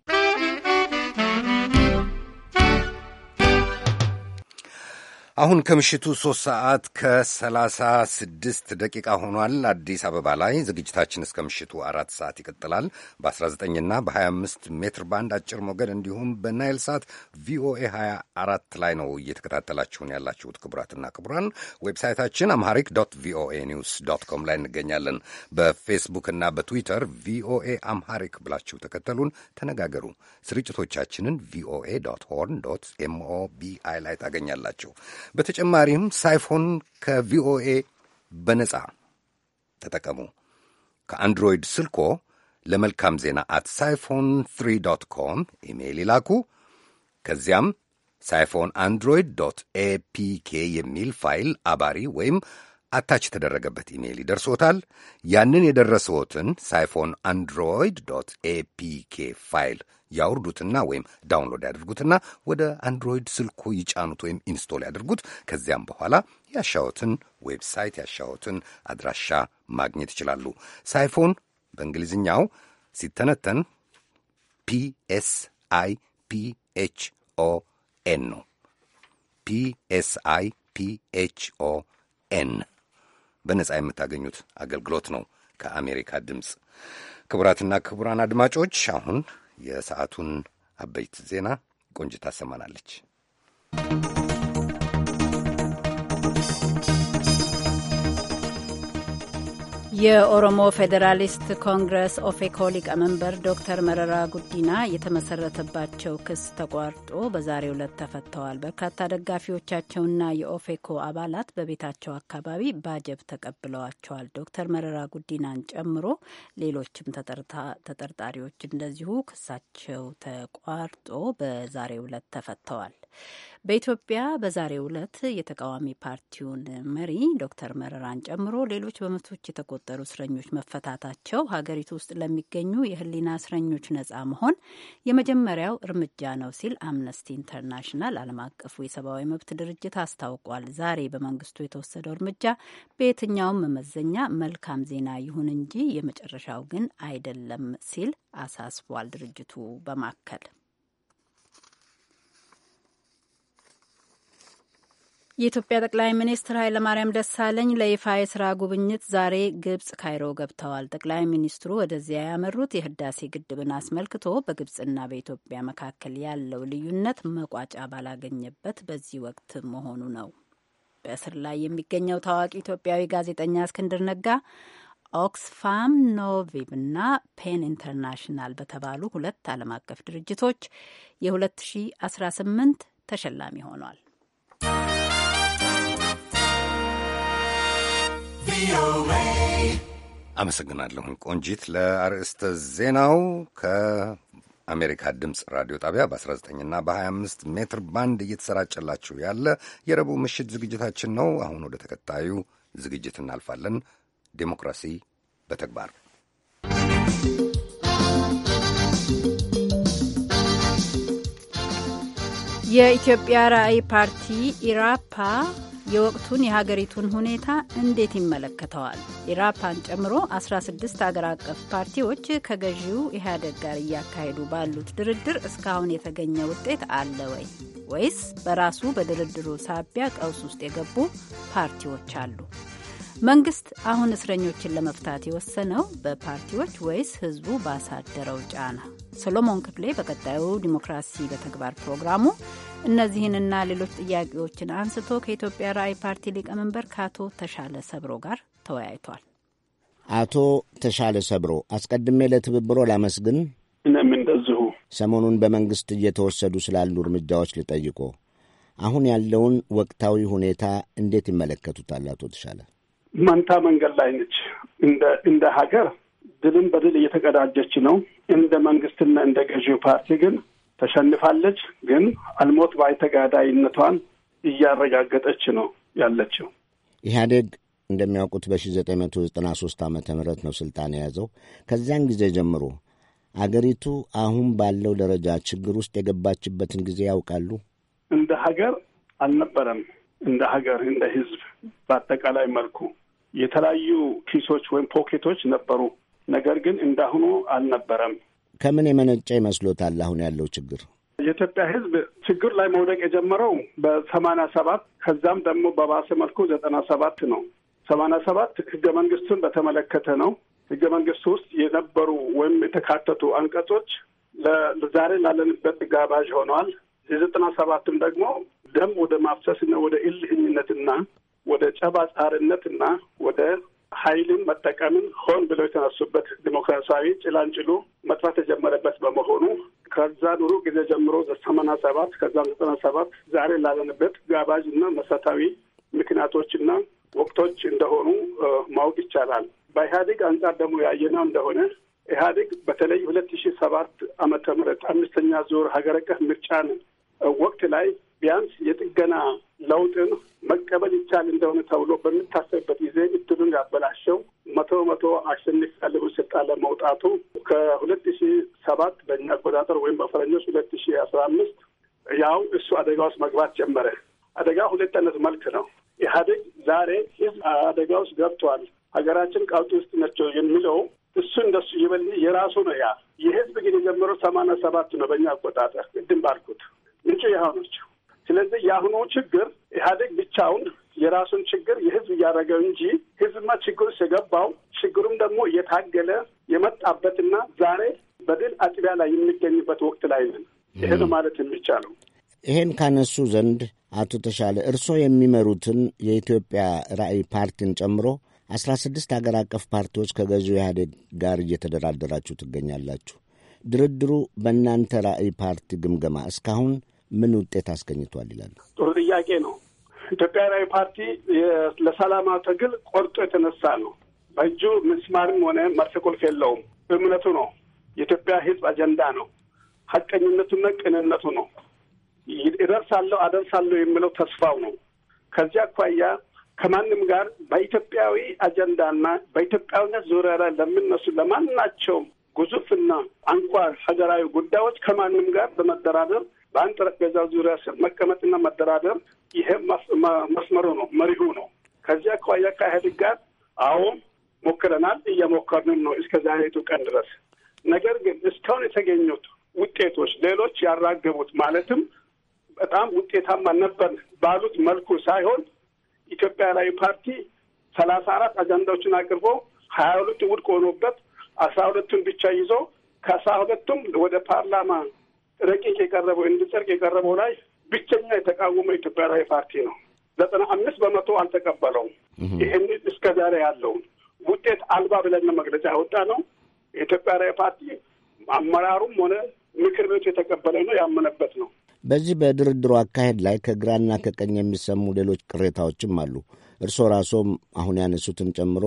አሁን ከምሽቱ ሶስት ሰዓት ከሰላሳ ስድስት ደቂቃ ሆኗል። አዲስ አበባ ላይ ዝግጅታችን እስከ ምሽቱ አራት ሰዓት ይቀጥላል። በ19ና በ25 ሜትር ባንድ አጭር ሞገድ እንዲሁም በናይል ሳት ቪኦኤ 24 ላይ ነው እየተከታተላችሁን ያላችሁት። ክቡራትና ክቡራን ዌብሳይታችን አምሃሪክ ዶት ቪኦኤ ኒውስ ዶት ኮም ላይ እንገኛለን። በፌስቡክና በትዊተር ቪኦኤ አምሃሪክ ብላችሁ ተከተሉን፣ ተነጋገሩ። ስርጭቶቻችንን ቪኦኤ ዶት ሆርን ዶት ኤምኦቢአይ ላይ ታገኛላችሁ። በተጨማሪም ሳይፎን ከቪኦኤ በነጻ ተጠቀሙ። ከአንድሮይድ ስልኮ ለመልካም ዜና አት ሳይፎን ትሪ ዶት ኮም ኢሜይል ይላኩ። ከዚያም ሳይፎን አንድሮይድ ዶት ኤፒኬ የሚል ፋይል አባሪ ወይም አታች የተደረገበት ኢሜይል ይደርሶታል። ያንን የደረሰዎትን ሳይፎን አንድሮይድ ዶት ኤፒኬ ፋይል ያውርዱትና ወይም ዳውንሎድ ያድርጉትና ወደ አንድሮይድ ስልኩ ይጫኑት ወይም ኢንስቶል ያድርጉት። ከዚያም በኋላ ያሻዎትን ዌብሳይት ያሻዎትን አድራሻ ማግኘት ይችላሉ። ሳይፎን በእንግሊዝኛው ሲተነተን ፒ ኤስ አይ ፒ ኤች ኦ ኤን ነው። ፒ ኤስ አይ ፒ ኤች ኦ ኤን በነጻ የምታገኙት አገልግሎት ነው። ከአሜሪካ ድምፅ ክቡራትና ክቡራን አድማጮች አሁን የሰዓቱን አበይት ዜና ቆንጅት ታሰማናለች። የኦሮሞ ፌዴራሊስት ኮንግረስ ኦፌኮ ሊቀመንበር ዶክተር መረራ ጉዲና የተመሰረተባቸው ክስ ተቋርጦ በዛሬ ዕለት ተፈተዋል። በርካታ ደጋፊዎቻቸውና የኦፌኮ አባላት በቤታቸው አካባቢ ባጀብ ተቀብለዋቸዋል። ዶክተር መረራ ጉዲናን ጨምሮ ሌሎችም ተጠርጣሪዎች እንደዚሁ ክሳቸው ተቋርጦ በዛሬ ዕለት ተፈተዋል። በኢትዮጵያ በዛሬው ዕለት የተቃዋሚ ፓርቲውን መሪ ዶክተር መረራን ጨምሮ ሌሎች በመቶች የተቆጠሩ እስረኞች መፈታታቸው ሀገሪቱ ውስጥ ለሚገኙ የሕሊና እስረኞች ነጻ መሆን የመጀመሪያው እርምጃ ነው ሲል አምነስቲ ኢንተርናሽናል ዓለም አቀፉ የሰብአዊ መብት ድርጅት አስታውቋል። ዛሬ በመንግስቱ የተወሰደው እርምጃ በየትኛውም መመዘኛ መልካም ዜና ይሁን እንጂ የመጨረሻው ግን አይደለም ሲል አሳስቧል ድርጅቱ በማከል የኢትዮጵያ ጠቅላይ ሚኒስትር ኃይለማርያም ደሳለኝ ለይፋ የስራ ጉብኝት ዛሬ ግብጽ ካይሮ ገብተዋል። ጠቅላይ ሚኒስትሩ ወደዚያ ያመሩት የህዳሴ ግድብን አስመልክቶ በግብጽና በኢትዮጵያ መካከል ያለው ልዩነት መቋጫ ባላገኘበት በዚህ ወቅት መሆኑ ነው። በእስር ላይ የሚገኘው ታዋቂ ኢትዮጵያዊ ጋዜጠኛ እስክንድር ነጋ ኦክስፋም፣ ኖቪብ እና ፔን ኢንተርናሽናል በተባሉ ሁለት ዓለም አቀፍ ድርጅቶች የ2018 ተሸላሚ ሆኗል። አመሰግናለሁን ቆንጂት። ለአርዕስተ ዜናው ከአሜሪካ ድምፅ ራዲዮ ጣቢያ በ19ና በ25 ሜትር ባንድ እየተሰራጨላችሁ ያለ የረቡዕ ምሽት ዝግጅታችን ነው። አሁን ወደ ተከታዩ ዝግጅት እናልፋለን። ዴሞክራሲ በተግባር የኢትዮጵያ ራዕይ ፓርቲ ኢራፓ የወቅቱን የሀገሪቱን ሁኔታ እንዴት ይመለከተዋል? ኢራፓን ጨምሮ 16 አገር አቀፍ ፓርቲዎች ከገዢው ኢህአዴግ ጋር እያካሄዱ ባሉት ድርድር እስካሁን የተገኘ ውጤት አለ ወይ? ወይስ በራሱ በድርድሩ ሳቢያ ቀውስ ውስጥ የገቡ ፓርቲዎች አሉ? መንግስት አሁን እስረኞችን ለመፍታት የወሰነው በፓርቲዎች ወይስ ህዝቡ ባሳደረው ጫና? ሰሎሞን ክፍሌ በቀጣዩ ዲሞክራሲ በተግባር ፕሮግራሙ እነዚህንና ሌሎች ጥያቄዎችን አንስቶ ከኢትዮጵያ ራዕይ ፓርቲ ሊቀመንበር ከአቶ ተሻለ ሰብሮ ጋር ተወያይቷል። አቶ ተሻለ ሰብሮ አስቀድሜ ለትብብሮ ላመስግን። እኔም እንደዚሁ ሰሞኑን በመንግሥት እየተወሰዱ ስላሉ እርምጃዎች ልጠይቆ፣ አሁን ያለውን ወቅታዊ ሁኔታ እንዴት ይመለከቱታል? አቶ ተሻለ መንታ መንገድ ላይ ነች እንደ ሀገር ድልም በድል እየተቀዳጀች ነው። እንደ መንግስትና እንደ ገዢው ፓርቲ ግን ተሸንፋለች፣ ግን አልሞት ባይ ተጋዳይነቷን እያረጋገጠች ነው ያለችው። ኢህአዴግ እንደሚያውቁት በ1993 ዓ ም ነው ስልጣን የያዘው። ከዚያን ጊዜ ጀምሮ አገሪቱ አሁን ባለው ደረጃ ችግር ውስጥ የገባችበትን ጊዜ ያውቃሉ። እንደ ሀገር አልነበረም። እንደ ሀገር፣ እንደ ህዝብ በአጠቃላይ መልኩ የተለያዩ ኪሶች ወይም ፖኬቶች ነበሩ። ነገር ግን እንዳሁኑ አልነበረም። ከምን የመነጨ ይመስሎታል አሁን ያለው ችግር? የኢትዮጵያ ሕዝብ ችግር ላይ መውደቅ የጀመረው በሰማንያ ሰባት ከዛም ደግሞ በባሰ መልኩ ዘጠና ሰባት ነው። ሰማንያ ሰባት ህገ መንግስቱን በተመለከተ ነው። ህገ መንግስቱ ውስጥ የነበሩ ወይም የተካተቱ አንቀጾች ዛሬ ላለንበት ጋባዥ ሆነዋል። የዘጠና ሰባትም ደግሞ ደም ወደ ማፍሰስና ወደ እልህኝነትና ወደ ጨባጫርነትና ወደ ኃይልን መጠቀምን ሆን ብለው የተነሱበት ዲሞክራሲያዊ ጭላንጭሉ መጥፋት የጀመረበት በመሆኑ ከዛ ኑሩ ጊዜ ጀምሮ ዘሰማና ሰባት ከዛም ዘጠና ሰባት ዛሬ ላለንበት ጋባዥ እና መሰረታዊ ምክንያቶችና ወቅቶች እንደሆኑ ማወቅ ይቻላል። በኢህአዴግ አንጻር ደግሞ ያየነው እንደሆነ ኢህአዴግ በተለይ ሁለት ሺ ሰባት አመተ ምህረት አምስተኛ ዙር ሀገር አቀፍ ምርጫን ወቅት ላይ ቢያንስ የጥገና ለውጥን መቀበል ይቻል እንደሆነ ተብሎ በሚታሰብበት ጊዜ እድሉን ያበላሸው መቶ መቶ አሸንፍ ያለሁ ስልጣን ለመውጣቱ ከሁለት ሺ ሰባት በእኛ አቆጣጠር ወይም በፈረኞች ሁለት ሺ አስራ አምስት ያው እሱ አደጋ ውስጥ መግባት ጀመረ። አደጋ ሁለት አይነት መልክ ነው። ኢህአዴግ ዛሬ ህዝብ አደጋ ውስጥ ገብቷል፣ ሀገራችን ቀውጢ ውስጥ ነቸው የሚለው እሱ እንደሱ ይበል የራሱ ነው። ያ የህዝብ ግን የጀመረው ሰማንያ ሰባት ነው በእኛ አቆጣጠር። ቅድም ባልኩት ምንጩ ይኸው ናቸው። ስለዚህ የአሁኑ ችግር ኢህአዴግ ብቻውን የራሱን ችግር የህዝብ እያደረገው እንጂ ህዝብማ ችግር ሲገባው ችግሩም ደግሞ እየታገለ የመጣበትና ዛሬ በድል አጥቢያ ላይ የሚገኝበት ወቅት ላይ ነን። ይህ ነው ማለት የሚቻለው። ይሄን ካነሱ ዘንድ አቶ ተሻለ እርስዎ የሚመሩትን የኢትዮጵያ ራዕይ ፓርቲን ጨምሮ አስራ ስድስት አገር አቀፍ ፓርቲዎች ከገዢው ኢህአዴግ ጋር እየተደራደራችሁ ትገኛላችሁ። ድርድሩ በእናንተ ራዕይ ፓርቲ ግምገማ እስካሁን ምን ውጤት አስገኝቷል ይላሉ? ጥሩ ጥያቄ ነው። ኢትዮጵያዊ ፓርቲ ለሰላማዊ ትግል ቆርጦ የተነሳ ነው። በእጁ ምስማርም ሆነ መርፌ ቁልፍ የለውም። እምነቱ ነው። የኢትዮጵያ ሕዝብ አጀንዳ ነው። ሀቀኝነቱና ቅንነቱ ነው። እደርሳለሁ አደርሳለሁ የሚለው ተስፋው ነው። ከዚህ አኳያ ከማንም ጋር በኢትዮጵያዊ አጀንዳና በኢትዮጵያዊነት ዙሪያ ላይ ለምነሱ ለማናቸውም ግዙፍና አንኳር ሀገራዊ ጉዳዮች ከማንም ጋር በመደራደር በአንድ ጠረጴዛ ዙሪያ ስር መቀመጥና መደራደር ይሄ መስመሩ ነው፣ መሪሁ ነው። ከዚህ አኳያ ከኢህአዴግ ጋር አሁን ሞክረናል፣ እየሞከርንም ነው እስከ ዛሬቱ ቀን ድረስ። ነገር ግን እስካሁን የተገኙት ውጤቶች ሌሎች ያራገቡት ማለትም በጣም ውጤታማ ነበር ባሉት መልኩ ሳይሆን ኢትዮጵያ ላዊ ፓርቲ ሰላሳ አራት አጀንዳዎችን አቅርቦ ሀያ ሁለት ውድቅ ሆኖበት አስራ ሁለቱን ብቻ ይዞ ከአስራ ሁለቱም ወደ ፓርላማ ረቂቅ የቀረበው እንዲጸድቅ የቀረበው ላይ ብቸኛ የተቃወመ ኢትዮጵያ ፓርቲ ነው። ዘጠና አምስት በመቶ አልተቀበለውም። ይህን እስከ ዛሬ ያለውን ውጤት አልባ ብለን መግለጫ ያወጣ ነው። የኢትዮጵያ ፓርቲ አመራሩም ሆነ ምክር ቤቱ የተቀበለ ነው፣ ያመነበት ነው። በዚህ በድርድሩ አካሄድ ላይ ከግራና ከቀኝ የሚሰሙ ሌሎች ቅሬታዎችም አሉ። እርስዎ ራስዎም አሁን ያነሱትን ጨምሮ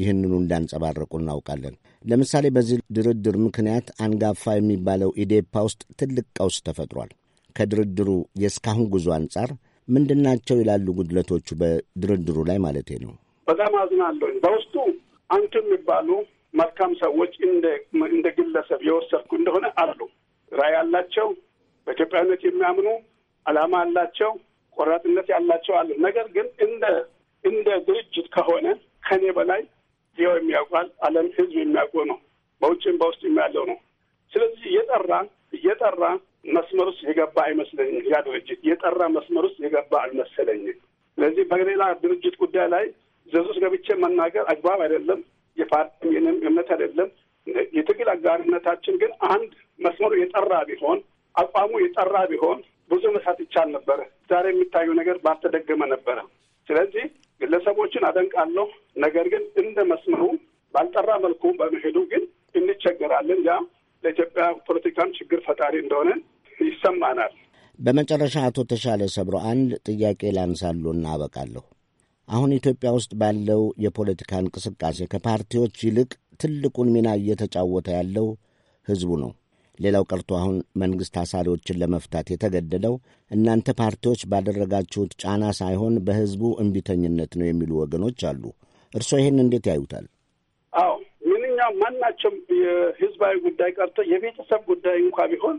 ይህንኑ እንዳንጸባረቁ እናውቃለን። ለምሳሌ በዚህ ድርድር ምክንያት አንጋፋ የሚባለው ኢዴፓ ውስጥ ትልቅ ቀውስ ተፈጥሯል። ከድርድሩ የእስካሁን ጉዞ አንጻር ምንድናቸው ይላሉ ጉድለቶቹ በድርድሩ ላይ ማለቴ ነው። በጣም አዝናለሁኝ። በውስጡ አንቱ የሚባሉ መልካም ሰዎች እንደ ግለሰብ የወሰድኩ እንደሆነ አሉ። ራዕይ ያላቸው በኢትዮጵያዊነት የሚያምኑ አላማ ያላቸው ቆራጥነት ያላቸው አሉ። ነገር ግን እንደ እንደ ድርጅት ከሆነ ከኔ በላይ ዚው የሚያውቋል ዓለም ህዝብ የሚያውቀው ነው። በውጭም በውስጥ ያለው ነው። ስለዚህ እየጠራ እየጠራ መስመር ውስጥ የገባ አይመስለኝም። ያ ድርጅት የጠራ መስመር ውስጥ የገባ አልመሰለኝም። ስለዚህ በሌላ ድርጅት ጉዳይ ላይ ዘዙስ ገብቼ መናገር አግባብ አይደለም። የፓርቲም የእኔም እምነት አይደለም። የትግል አጋርነታችን ግን አንድ መስመሩ የጠራ ቢሆን አቋሙ የጠራ ቢሆን ብዙ መስራት ይቻል ነበረ። ዛሬ የሚታየው ነገር ባልተደገመ ነበረ። ስለዚህ ግለሰቦችን አደንቃለሁ። ነገር ግን እንደ መስመሩ ባልጠራ መልኩ በመሄዱ ግን እንቸገራለን። ያ ለኢትዮጵያ ፖለቲካም ችግር ፈጣሪ እንደሆነ ይሰማናል። በመጨረሻ አቶ ተሻለ ሰብሮ አንድ ጥያቄ ላንሳሉ እና አበቃለሁ። አሁን ኢትዮጵያ ውስጥ ባለው የፖለቲካ እንቅስቃሴ ከፓርቲዎች ይልቅ ትልቁን ሚና እየተጫወተ ያለው ህዝቡ ነው። ሌላው ቀርቶ አሁን መንግሥት አሳሪዎችን ለመፍታት የተገደደው እናንተ ፓርቲዎች ባደረጋችሁት ጫና ሳይሆን በሕዝቡ እምቢተኝነት ነው የሚሉ ወገኖች አሉ። እርስዎ ይህን እንዴት ያዩታል? አዎ ምንኛ ማናቸውም የሕዝባዊ ጉዳይ ቀርቶ የቤተሰብ ጉዳይ እንኳ ቢሆን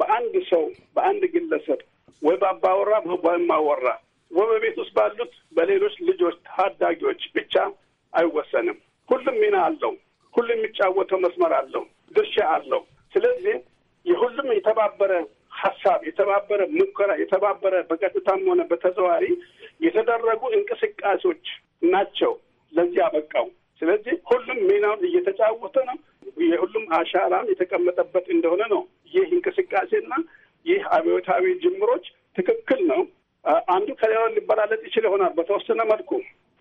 በአንድ ሰው በአንድ ግለሰብ ወይ በአባወራ ወይም አወራ ወይ በቤት ውስጥ ባሉት በሌሎች ልጆች ታዳጊዎች ብቻ አይወሰንም። ሁሉም ሚና አለው። ሁሉም የሚጫወተው መስመር አለው፣ ድርሻ አለው። ስለዚህ የሁሉም የተባበረ ሀሳብ የተባበረ ሙከራ የተባበረ በቀጥታም ሆነ በተዘዋሪ የተደረጉ እንቅስቃሴዎች ናቸው ለዚህ አበቃው ስለዚህ ሁሉም ሚናውን እየተጫወተ ነው። የሁሉም አሻራም የተቀመጠበት እንደሆነ ነው። ይህ እንቅስቃሴና ይህ አብዮታዊ ጅምሮች ትክክል ነው። አንዱ ከሌላው ሊበላለጥ ይችል ይሆናል በተወሰነ መልኩ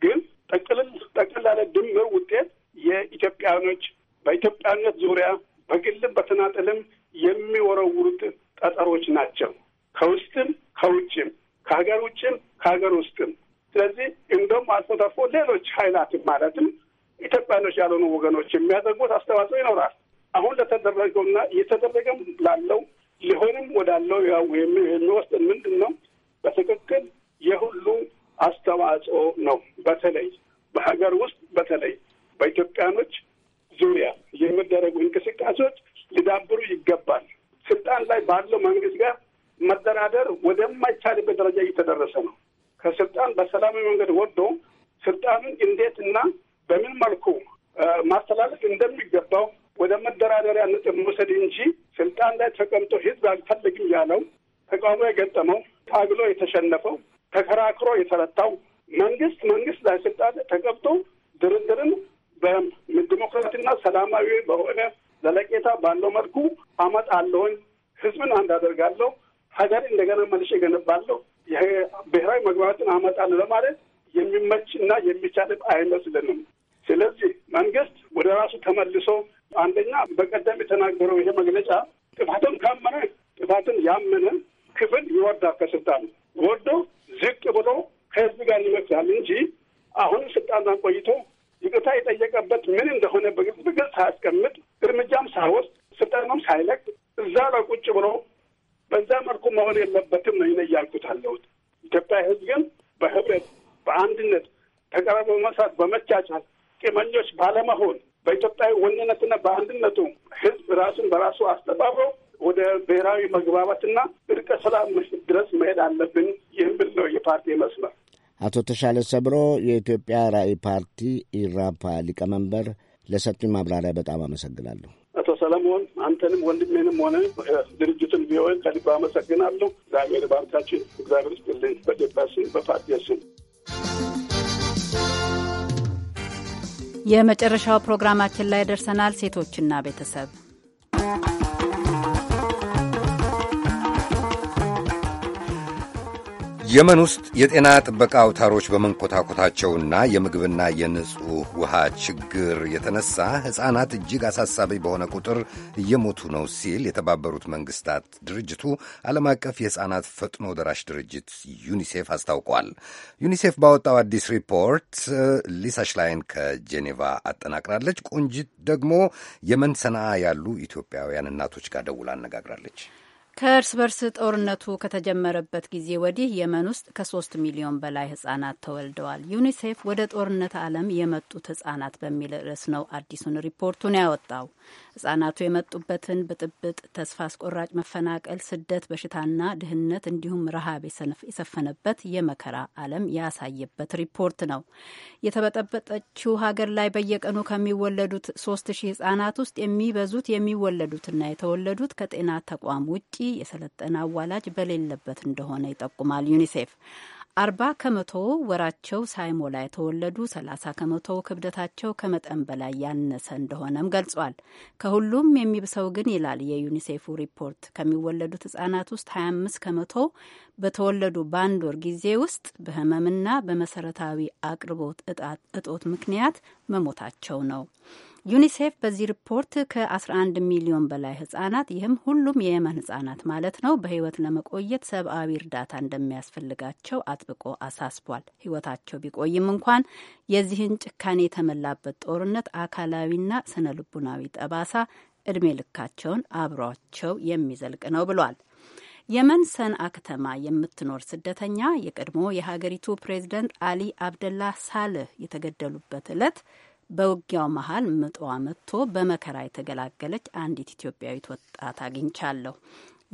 ግን ጠቅልል ጠቅልል ያለ ድምር ውጤት የኢትዮጵያኖች በኢትዮጵያነት ዙሪያ በግልም በተናጠልም የሚወረውሩት ጠጠሮች ናቸው። ከውስጥም ከውጭም፣ ከሀገር ውጭም ከሀገር ውስጥም። ስለዚህ እንደውም አልፎ ተርፎ ሌሎች ኃይላትም ማለትም ኢትዮጵያኖች ያልሆኑ ወገኖች የሚያደርጉት አስተዋጽኦ ይኖራል። አሁን ለተደረገውና እየተደረገም ላለው ሊሆንም ወዳለው የሚወስድ ምንድን ነው? በትክክል የሁሉ አስተዋጽኦ ነው። በተለይ በሀገር ውስጥ በተለይ በኢትዮጵያኖች ዙሪያ የሚደረጉ እንቅስቃሴዎች ሊዳብሩ ይገባል። ስልጣን ላይ ባለው መንግስት ጋር መደራደር ወደማይቻልበት ደረጃ እየተደረሰ ነው። ከስልጣን በሰላማዊ መንገድ ወጥቶ ስልጣኑን እንዴት እና በምን መልኩ ማስተላለፍ እንደሚገባው ወደ መደራደሪያ ነጥብ መውሰድ እንጂ ስልጣን ላይ ተቀምጦ ህዝብ አልፈልግም ያለው ተቃውሞ የገጠመው ታግሎ የተሸነፈው ተከራክሮ የተረታው መንግስት መንግስት ላይ ስልጣን ተቀምጦ ድርድርን በዲሞክራሲና ሰላማዊ በሆነ ዘለቄታ ባለው መልኩ አመጣለሁኝ፣ ህዝብን አንድ አደርጋለሁ፣ ሀገር እንደገና መልሼ እገነባለሁ፣ ብሔራዊ መግባባትን አመጣለሁ ለማለት የሚመች እና የሚቻልም አይመስልንም። ስለዚህ መንግስት ወደ ራሱ ተመልሶ አንደኛ በቀደም የተናገረው ይሄ መግለጫ ጥፋትን ካመነ ጥፋትን ያመነ ክፍል ይወርዳል ከስልጣን ወርዶ ዝቅ ብሎ ከህዝብ ጋር ይመክራል እንጂ አሁንም ስልጣን ቆይቶ ይቅርታ የጠየቀበት ምን እንደሆነ በግልጽ በግልጽ ሳያስቀምጥ እርምጃም ሳይወስድ ስልጠናም ሳይለቅ እዛ ላይ ቁጭ ብሎ በዛ መልኩ መሆን የለበትም ነው እያልኩት አለሁት። ኢትዮጵያ ሕዝብ ግን በህብረት በአንድነት ተቀራርቦ መስራት በመቻቻል ቂመኞች ባለመሆን በኢትዮጵያ ወንነትና በአንድነቱ ሕዝብ ራሱን በራሱ አስተባብሮ ወደ ብሔራዊ መግባባትና እርቀ ሰላም ድረስ መሄድ አለብን። ይህም ብል ነው የፓርቲ መስመር። አቶ ተሻለ ሰብሮ የኢትዮጵያ ራእይ ፓርቲ ኢራፓ ሊቀመንበር ለሰጡኝ ማብራሪያ በጣም አመሰግናለሁ። አቶ ሰለሞን አንተንም ወንድሜንም ሆነ ድርጅቱን ቢሆን ከልብ አመሰግናለሁ። እግዚአብሔር ባርካችን። እግዚአብሔር ስጥልኝ። በደባስን በፓርቲያስን የመጨረሻው ፕሮግራማችን ላይ ደርሰናል። ሴቶችና ቤተሰብ የመን ውስጥ የጤና ጥበቃ አውታሮች በመንኮታኮታቸውና የምግብና የንጹሕ ውሃ ችግር የተነሳ ሕፃናት እጅግ አሳሳቢ በሆነ ቁጥር እየሞቱ ነው ሲል የተባበሩት መንግሥታት ድርጅቱ ዓለም አቀፍ የሕፃናት ፈጥኖ ደራሽ ድርጅት ዩኒሴፍ አስታውቋል። ዩኒሴፍ ባወጣው አዲስ ሪፖርት ሊሳ ሽላይን ከጄኔቫ አጠናቅራለች። ቆንጂት ደግሞ የመን ሰንዓ ያሉ ኢትዮጵያውያን እናቶች ጋር ደውላ አነጋግራለች። ከእርስ በርስ ጦርነቱ ከተጀመረበት ጊዜ ወዲህ የመን ውስጥ ከሶስት ሚሊዮን በላይ ህጻናት ተወልደዋል። ዩኒሴፍ ወደ ጦርነት ዓለም የመጡት ህጻናት በሚል ርዕስ ነው አዲሱን ሪፖርቱን ያወጣው። ህጻናቱ የመጡበትን ብጥብጥ፣ ተስፋ አስቆራጭ መፈናቀል፣ ስደት፣ በሽታና ድህነት እንዲሁም ረሃብ የሰፈነበት የመከራ ዓለም ያሳየበት ሪፖርት ነው። የተበጠበጠችው ሀገር ላይ በየቀኑ ከሚወለዱት ሶስት ሺህ ህጻናት ውስጥ የሚበዙት የሚወለዱትና የተወለዱት ከጤና ተቋም ውጪ የሰለጠነ አዋላጅ በሌለበት እንደሆነ ይጠቁማል ዩኒሴፍ። አርባ ከመቶ ወራቸው ሳይሞላ የተወለዱ ሰላሳ ከመቶ ክብደታቸው ከመጠን በላይ ያነሰ እንደሆነም ገልጿል። ከሁሉም የሚብሰው ግን ይላል የዩኒሴፉ ሪፖርት ከሚወለዱት ህጻናት ውስጥ 25 ከመቶ በተወለዱ በአንድ ወር ጊዜ ውስጥ በህመምና በመሰረታዊ አቅርቦት እጦት ምክንያት መሞታቸው ነው። ዩኒሴፍ በዚህ ሪፖርት ከ11 ሚሊዮን በላይ ህጻናት ይህም ሁሉም የየመን ህጻናት ማለት ነው በህይወት ለመቆየት ሰብአዊ እርዳታ እንደሚያስፈልጋቸው አጥብቆ አሳስቧል። ህይወታቸው ቢቆይም እንኳን የዚህን ጭካኔ የተመላበት ጦርነት አካላዊና ስነ ልቡናዊ ጠባሳ እድሜ ልካቸውን አብሯቸው የሚዘልቅ ነው ብሏል። የመን ሰንአ ከተማ የምትኖር ስደተኛ የቀድሞ የሀገሪቱ ፕሬዚደንት አሊ አብደላህ ሳልህ የተገደሉበት ዕለት በውጊያው መሀል ምጧ መጥቶ በመከራ የተገላገለች አንዲት ኢትዮጵያዊት ወጣት አግኝቻለሁ።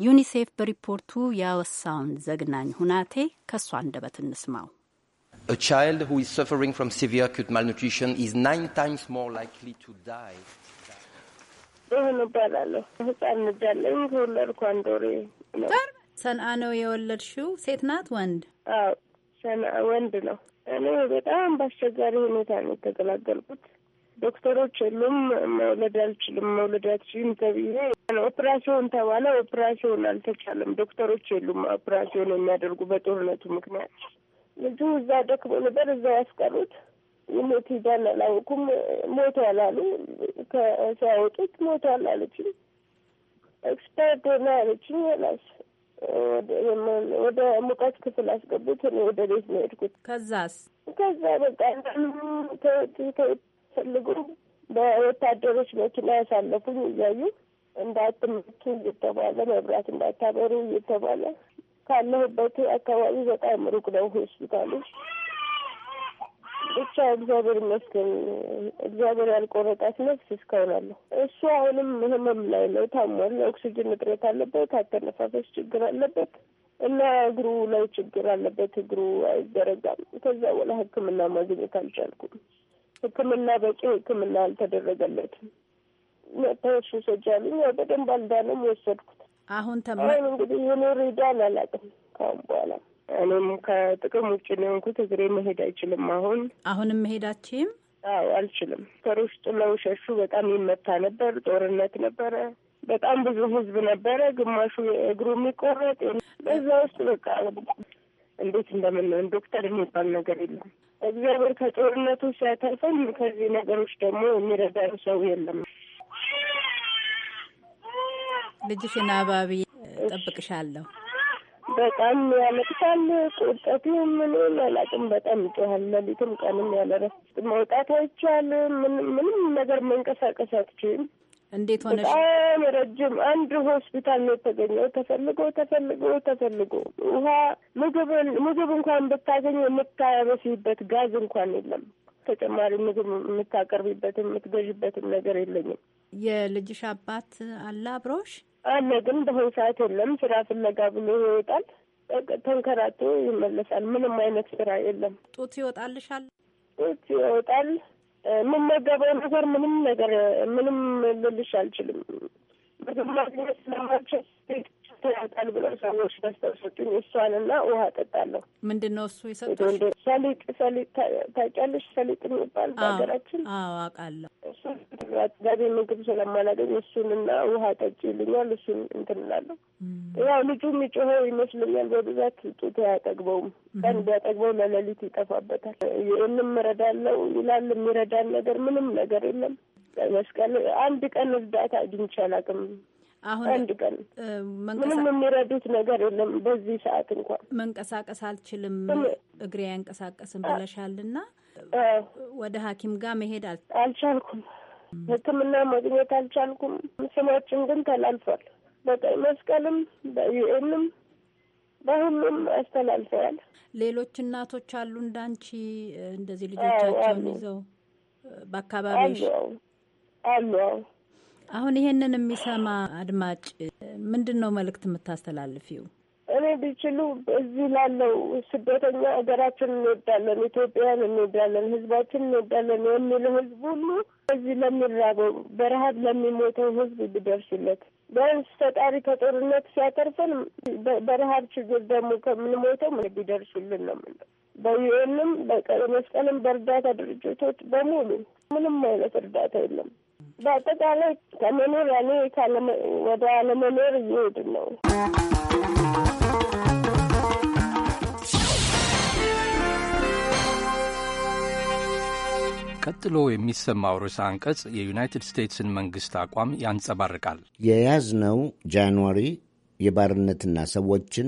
ዩኒሴፍ በሪፖርቱ ያወሳውን ዘግናኝ ሁናቴ ከእሷ አንደበት እንስማው። ብርሃኑ እባላለሁ። ህጻን ልጅ ከወለድኩ አንድ ወሬ ነው። ሰንአ ነው የወለድሽው? ሴት ናት ወንድ? አዎ ሰንአ ወንድ ነው። እኔ በጣም በአስቸጋሪ ሁኔታ ነው የተገላገልኩት። ዶክተሮች የሉም፣ መውለድ አልችልም፣ መውለድ አልችልም ተብዬ ኦፕራሲዮን ተባለ። ኦፕራሲዮን አልተቻለም፣ ዶክተሮች የሉም ኦፕራሲዮን የሚያደርጉ በጦርነቱ ምክንያት። ልጁ እዛ ደክሞ ነበር፣ እዛ ያስቀሩት። የሞት ይዛል አላወኩም። ሞት ያላሉ ከሲያወጡት ሞት አለችኝ። ኤክስፐርት ሆና አለችኝ። ላስ ወደ ሙቀት ክፍል አስገቡት። እኔ ወደ ቤት ነው የሄድኩት። ከዛስ ከዛ በቃ ፈልጉ በወታደሮች መኪና ያሳለፉኝ እያዩ እንዳትመቱ እየተባለ መብራት እንዳታበሩ እየተባለ ካለሁበት አካባቢ በጣም ሩቅ ነው ሆስፒታሎች ብቻ እግዚአብሔር ይመስገን። እግዚአብሔር ያልቆረጣት ነፍስ እስካሁን አለ። እሱ አሁንም ህመም ላይ ነው፣ ታሟል። ኦክሲጅን እጥረት አለበት፣ አተነፋፈስ ችግር አለበት እና እግሩ ላይ ችግር አለበት። እግሩ አይዘረጋም። ከዛ በኋላ ህክምና ማግኘት አልቻልኩም። ህክምና በቂ ህክምና አልተደረገለትም። መታወሽ ሰጃሉኝ ያው በደንብ አልዳነም፣ ወሰድኩት። አሁን ተማ እንግዲህ የኖር ሄዳን አላውቅም ካሁን በኋላ እኔም ከጥቅም ውጭ ነው እግሬ መሄድ አይችልም። አሁን አሁንም መሄዳችም አዎ አልችልም። ከሮች ጥለው ሸሹ። በጣም ይመታ ነበር። ጦርነት ነበረ። በጣም ብዙ ህዝብ ነበረ። ግማሹ እግሩ የሚቆረጥ በዛ ውስጥ በቃ እንዴት እንደምንሆን ዶክተር የሚባል ነገር የለም። እግዚአብሔር ከጦርነቱ ሲያተርፈን ከዚህ ነገሮች ደግሞ የሚረዳን ሰው የለም። ልጅሽን አባቢ ጠብቅሻለሁ። በጣም ያለቅሳል። ቁጠቱ ምን አላውቅም። በጣም ይጮሃል። ለሊትም ቀንም ያለረፍት መውጣት አይቻል። ምንም ነገር መንቀሳቀስ አትችልም። እንዴት ሆነ? በጣም ረጅም አንድ ሆስፒታል ነው የተገኘው። ተፈልጎ ተፈልጎ ተፈልጎ ውሃ፣ ምግብ ምግብ እንኳን ብታገኝ የምታበስይበት ጋዝ እንኳን የለም። ተጨማሪ ምግብ የምታቀርቢበትም የምትገዥበትም ነገር የለኝም። የልጅሽ አባት አለ ብሮሽ። አለ። ግን በአሁኑ ሰዓት የለም። ስራ ፍለጋ ብሎ ይወጣል፣ ተንከራቶ ይመለሳል። ምንም አይነት ስራ የለም። ጡት ይወጣልሻል፣ ጡት ይወጣል። የምመገበው ነገር ምንም ነገር ምንም ልልሽ አልችልም። ምግብ ማግኘት ስለማልችል ወቅቱ ያውጣል ብለው ሰዎች ደስተው ሰጡኝ። እሷንና ውሃ ጠጣለሁ። ምንድን ነው እሱ የሰጡኝ? ሰሊጥ ሰሊጥ ታውቂያለሽ? ሰሊጥ የሚባል በሀገራችን አውቃለሁ። እሱ አጥጋቢ ምግብ ስለማላገኝ እሱንና ውሃ ጠጭ ይልኛል። እሱን እንትን እላለሁ። ያው ልጁ የሚጮኸው ይመስለኛል በብዛት ጡት አያጠግበውም። ቀን ቢያጠግበው ለሌሊት ይጠፋበታል። ይህንም እንምረዳለው ይላል። የሚረዳን ነገር ምንም ነገር የለም። መስቀል አንድ ቀን እርዳታ አግኝቼ አላውቅም። አሁን አንድ ቀን ምንም የሚረዱት ነገር የለም። በዚህ ሰዓት እንኳን መንቀሳቀስ አልችልም፣ እግሬ አያንቀሳቀስም ብለሻልና ወደ ሐኪም ጋር መሄድ አልቻልኩም፣ ሕክምና ማግኘት አልቻልኩም። ስማችን ግን ተላልፏል። በቀይ መስቀልም በዩኤንም በሁሉም አስተላልፈዋል። ሌሎች እናቶች አሉ እንዳንቺ እንደዚህ ልጆቻቸውን ይዘው በአካባቢ አሉ። አሁን ይሄንን የሚሰማ አድማጭ ምንድን ነው መልእክት የምታስተላልፊው? እኔ ቢችሉ እዚህ ላለው ስደተኛ ሀገራችን እንወዳለን፣ ኢትዮጵያን እንወዳለን፣ ህዝባችን እንወዳለን የሚለው ህዝብ ሁሉ እዚህ ለሚራበው በረሀብ ለሚሞተው ህዝብ ቢደርስለት ቢያንስ ፈጣሪ ከጦርነት ሲያተርፈን በረሀብ ችግር ደግሞ ከምንሞተው ምን ቢደርሱልን ነው የምንለው። በዩኤንም በቀይ መስቀልም በእርዳታ ድርጅቶች በሙሉ ምንም አይነት እርዳታ የለም። በአጠቃላይ ከመኖር ያለ ወደ አለመኖር እየሄድ ነው። ቀጥሎ የሚሰማው ርዕሰ አንቀጽ የዩናይትድ ስቴትስን መንግሥት አቋም ያንጸባርቃል። የያዝነው ጃንዋሪ የባርነትና ሰዎችን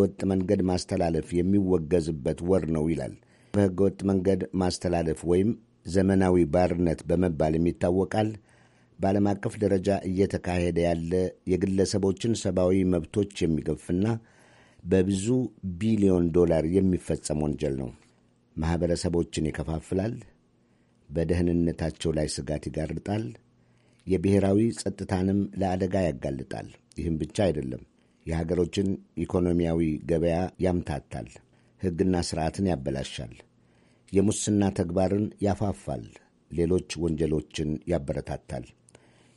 ወጥ መንገድ ማስተላለፍ የሚወገዝበት ወር ነው ይላል። ወጥ መንገድ ማስተላለፍ ወይም ዘመናዊ ባርነት በመባል የሚታወቃል በዓለም አቀፍ ደረጃ እየተካሄደ ያለ የግለሰቦችን ሰብአዊ መብቶች የሚገፍና በብዙ ቢሊዮን ዶላር የሚፈጸም ወንጀል ነው። ማኅበረሰቦችን ይከፋፍላል፣ በደህንነታቸው ላይ ስጋት ይጋርጣል፣ የብሔራዊ ጸጥታንም ለአደጋ ያጋልጣል። ይህም ብቻ አይደለም፣ የሀገሮችን ኢኮኖሚያዊ ገበያ ያምታታል፣ ሕግና ሥርዓትን ያበላሻል። የሙስና ተግባርን ያፋፋል፣ ሌሎች ወንጀሎችን ያበረታታል፣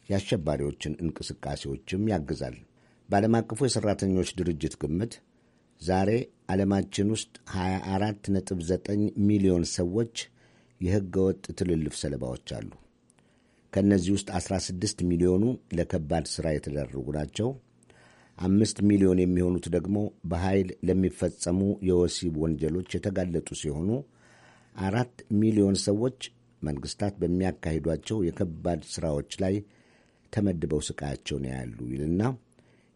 የአሸባሪዎችን እንቅስቃሴዎችም ያግዛል። በዓለም አቀፉ የሠራተኞች ድርጅት ግምት ዛሬ ዓለማችን ውስጥ 24.9 ሚሊዮን ሰዎች የሕገ ወጥ ትልልፍ ሰለባዎች አሉ። ከእነዚህ ውስጥ 16 ሚሊዮኑ ለከባድ ሥራ የተደረጉ ናቸው። አምስት ሚሊዮን የሚሆኑት ደግሞ በኃይል ለሚፈጸሙ የወሲብ ወንጀሎች የተጋለጡ ሲሆኑ አራት ሚሊዮን ሰዎች መንግስታት በሚያካሂዷቸው የከባድ ሥራዎች ላይ ተመድበው ስቃያቸውን ያያሉ ይልና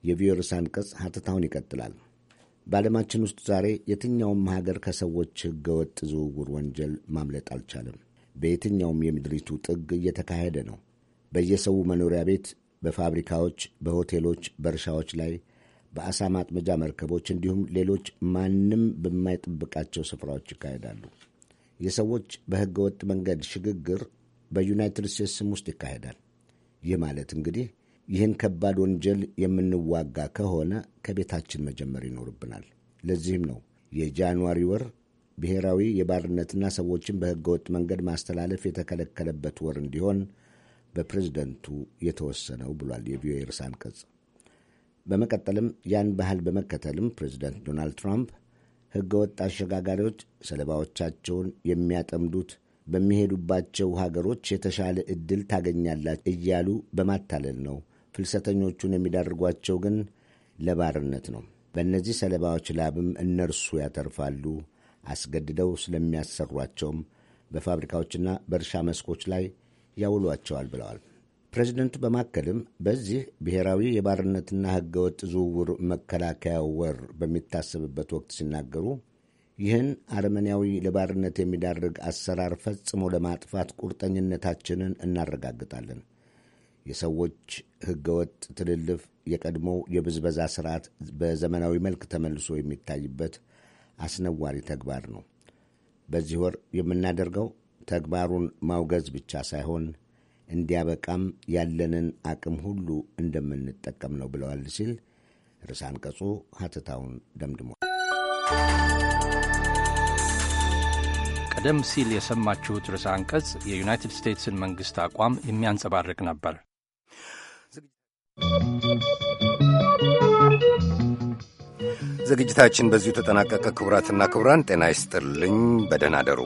የቪዮርስ አንቀጽ ሐተታውን ይቀጥላል። በዓለማችን ውስጥ ዛሬ የትኛውም ሀገር ከሰዎች ሕገወጥ ዝውውር ወንጀል ማምለጥ አልቻለም። በየትኛውም የምድሪቱ ጥግ እየተካሄደ ነው። በየሰው መኖሪያ ቤት፣ በፋብሪካዎች፣ በሆቴሎች፣ በእርሻዎች ላይ፣ በአሳ ማጥመጃ መርከቦች እንዲሁም ሌሎች ማንም በማይጠብቃቸው ስፍራዎች ይካሄዳሉ። የሰዎች በህገወጥ መንገድ ሽግግር በዩናይትድ ስቴትስም ውስጥ ይካሄዳል። ይህ ማለት እንግዲህ ይህን ከባድ ወንጀል የምንዋጋ ከሆነ ከቤታችን መጀመር ይኖርብናል። ለዚህም ነው የጃንዋሪ ወር ብሔራዊ የባርነትና ሰዎችን በህገወጥ መንገድ ማስተላለፍ የተከለከለበት ወር እንዲሆን በፕሬዝደንቱ የተወሰነው ብሏል የቪኦኤ ርዕሰ አንቀጽ። በመቀጠልም ያን ባህል በመከተልም ፕሬዝደንት ዶናልድ ትራምፕ ወጥ አሸጋጋሪዎች ሰለባዎቻቸውን የሚያጠምዱት በሚሄዱባቸው ሀገሮች የተሻለ ዕድል ታገኛላች እያሉ በማታለል ነው። ፍልሰተኞቹን የሚዳርጓቸው ግን ለባርነት ነው። በእነዚህ ሰለባዎች ላብም እነርሱ ያተርፋሉ። አስገድደው ስለሚያሰሯቸውም በፋብሪካዎችና በእርሻ መስኮች ላይ ያውሏቸዋል ብለዋል። ፕሬዚደንቱ በማከልም በዚህ ብሔራዊ የባርነትና ሕገወጥ ዝውውር መከላከያ ወር በሚታሰብበት ወቅት ሲናገሩ ይህን አረመኔያዊ ለባርነት የሚዳርግ አሰራር ፈጽሞ ለማጥፋት ቁርጠኝነታችንን እናረጋግጣለን። የሰዎች ሕገወጥ ትልልፍ፣ የቀድሞው የብዝበዛ ስርዓት በዘመናዊ መልክ ተመልሶ የሚታይበት አስነዋሪ ተግባር ነው። በዚህ ወር የምናደርገው ተግባሩን ማውገዝ ብቻ ሳይሆን እንዲያበቃም ያለንን አቅም ሁሉ እንደምንጠቀም ነው ብለዋል ሲል ርዕሰ አንቀጹ ሀተታውን ደምድሟል። ቀደም ሲል የሰማችሁት ርዕሰ አንቀጽ የዩናይትድ ስቴትስን መንግሥት አቋም የሚያንጸባርቅ ነበር። ዝግጅታችን በዚሁ ተጠናቀቀ። ክቡራትና ክቡራን ጤና ይስጥልኝ። በደህና አደሩ።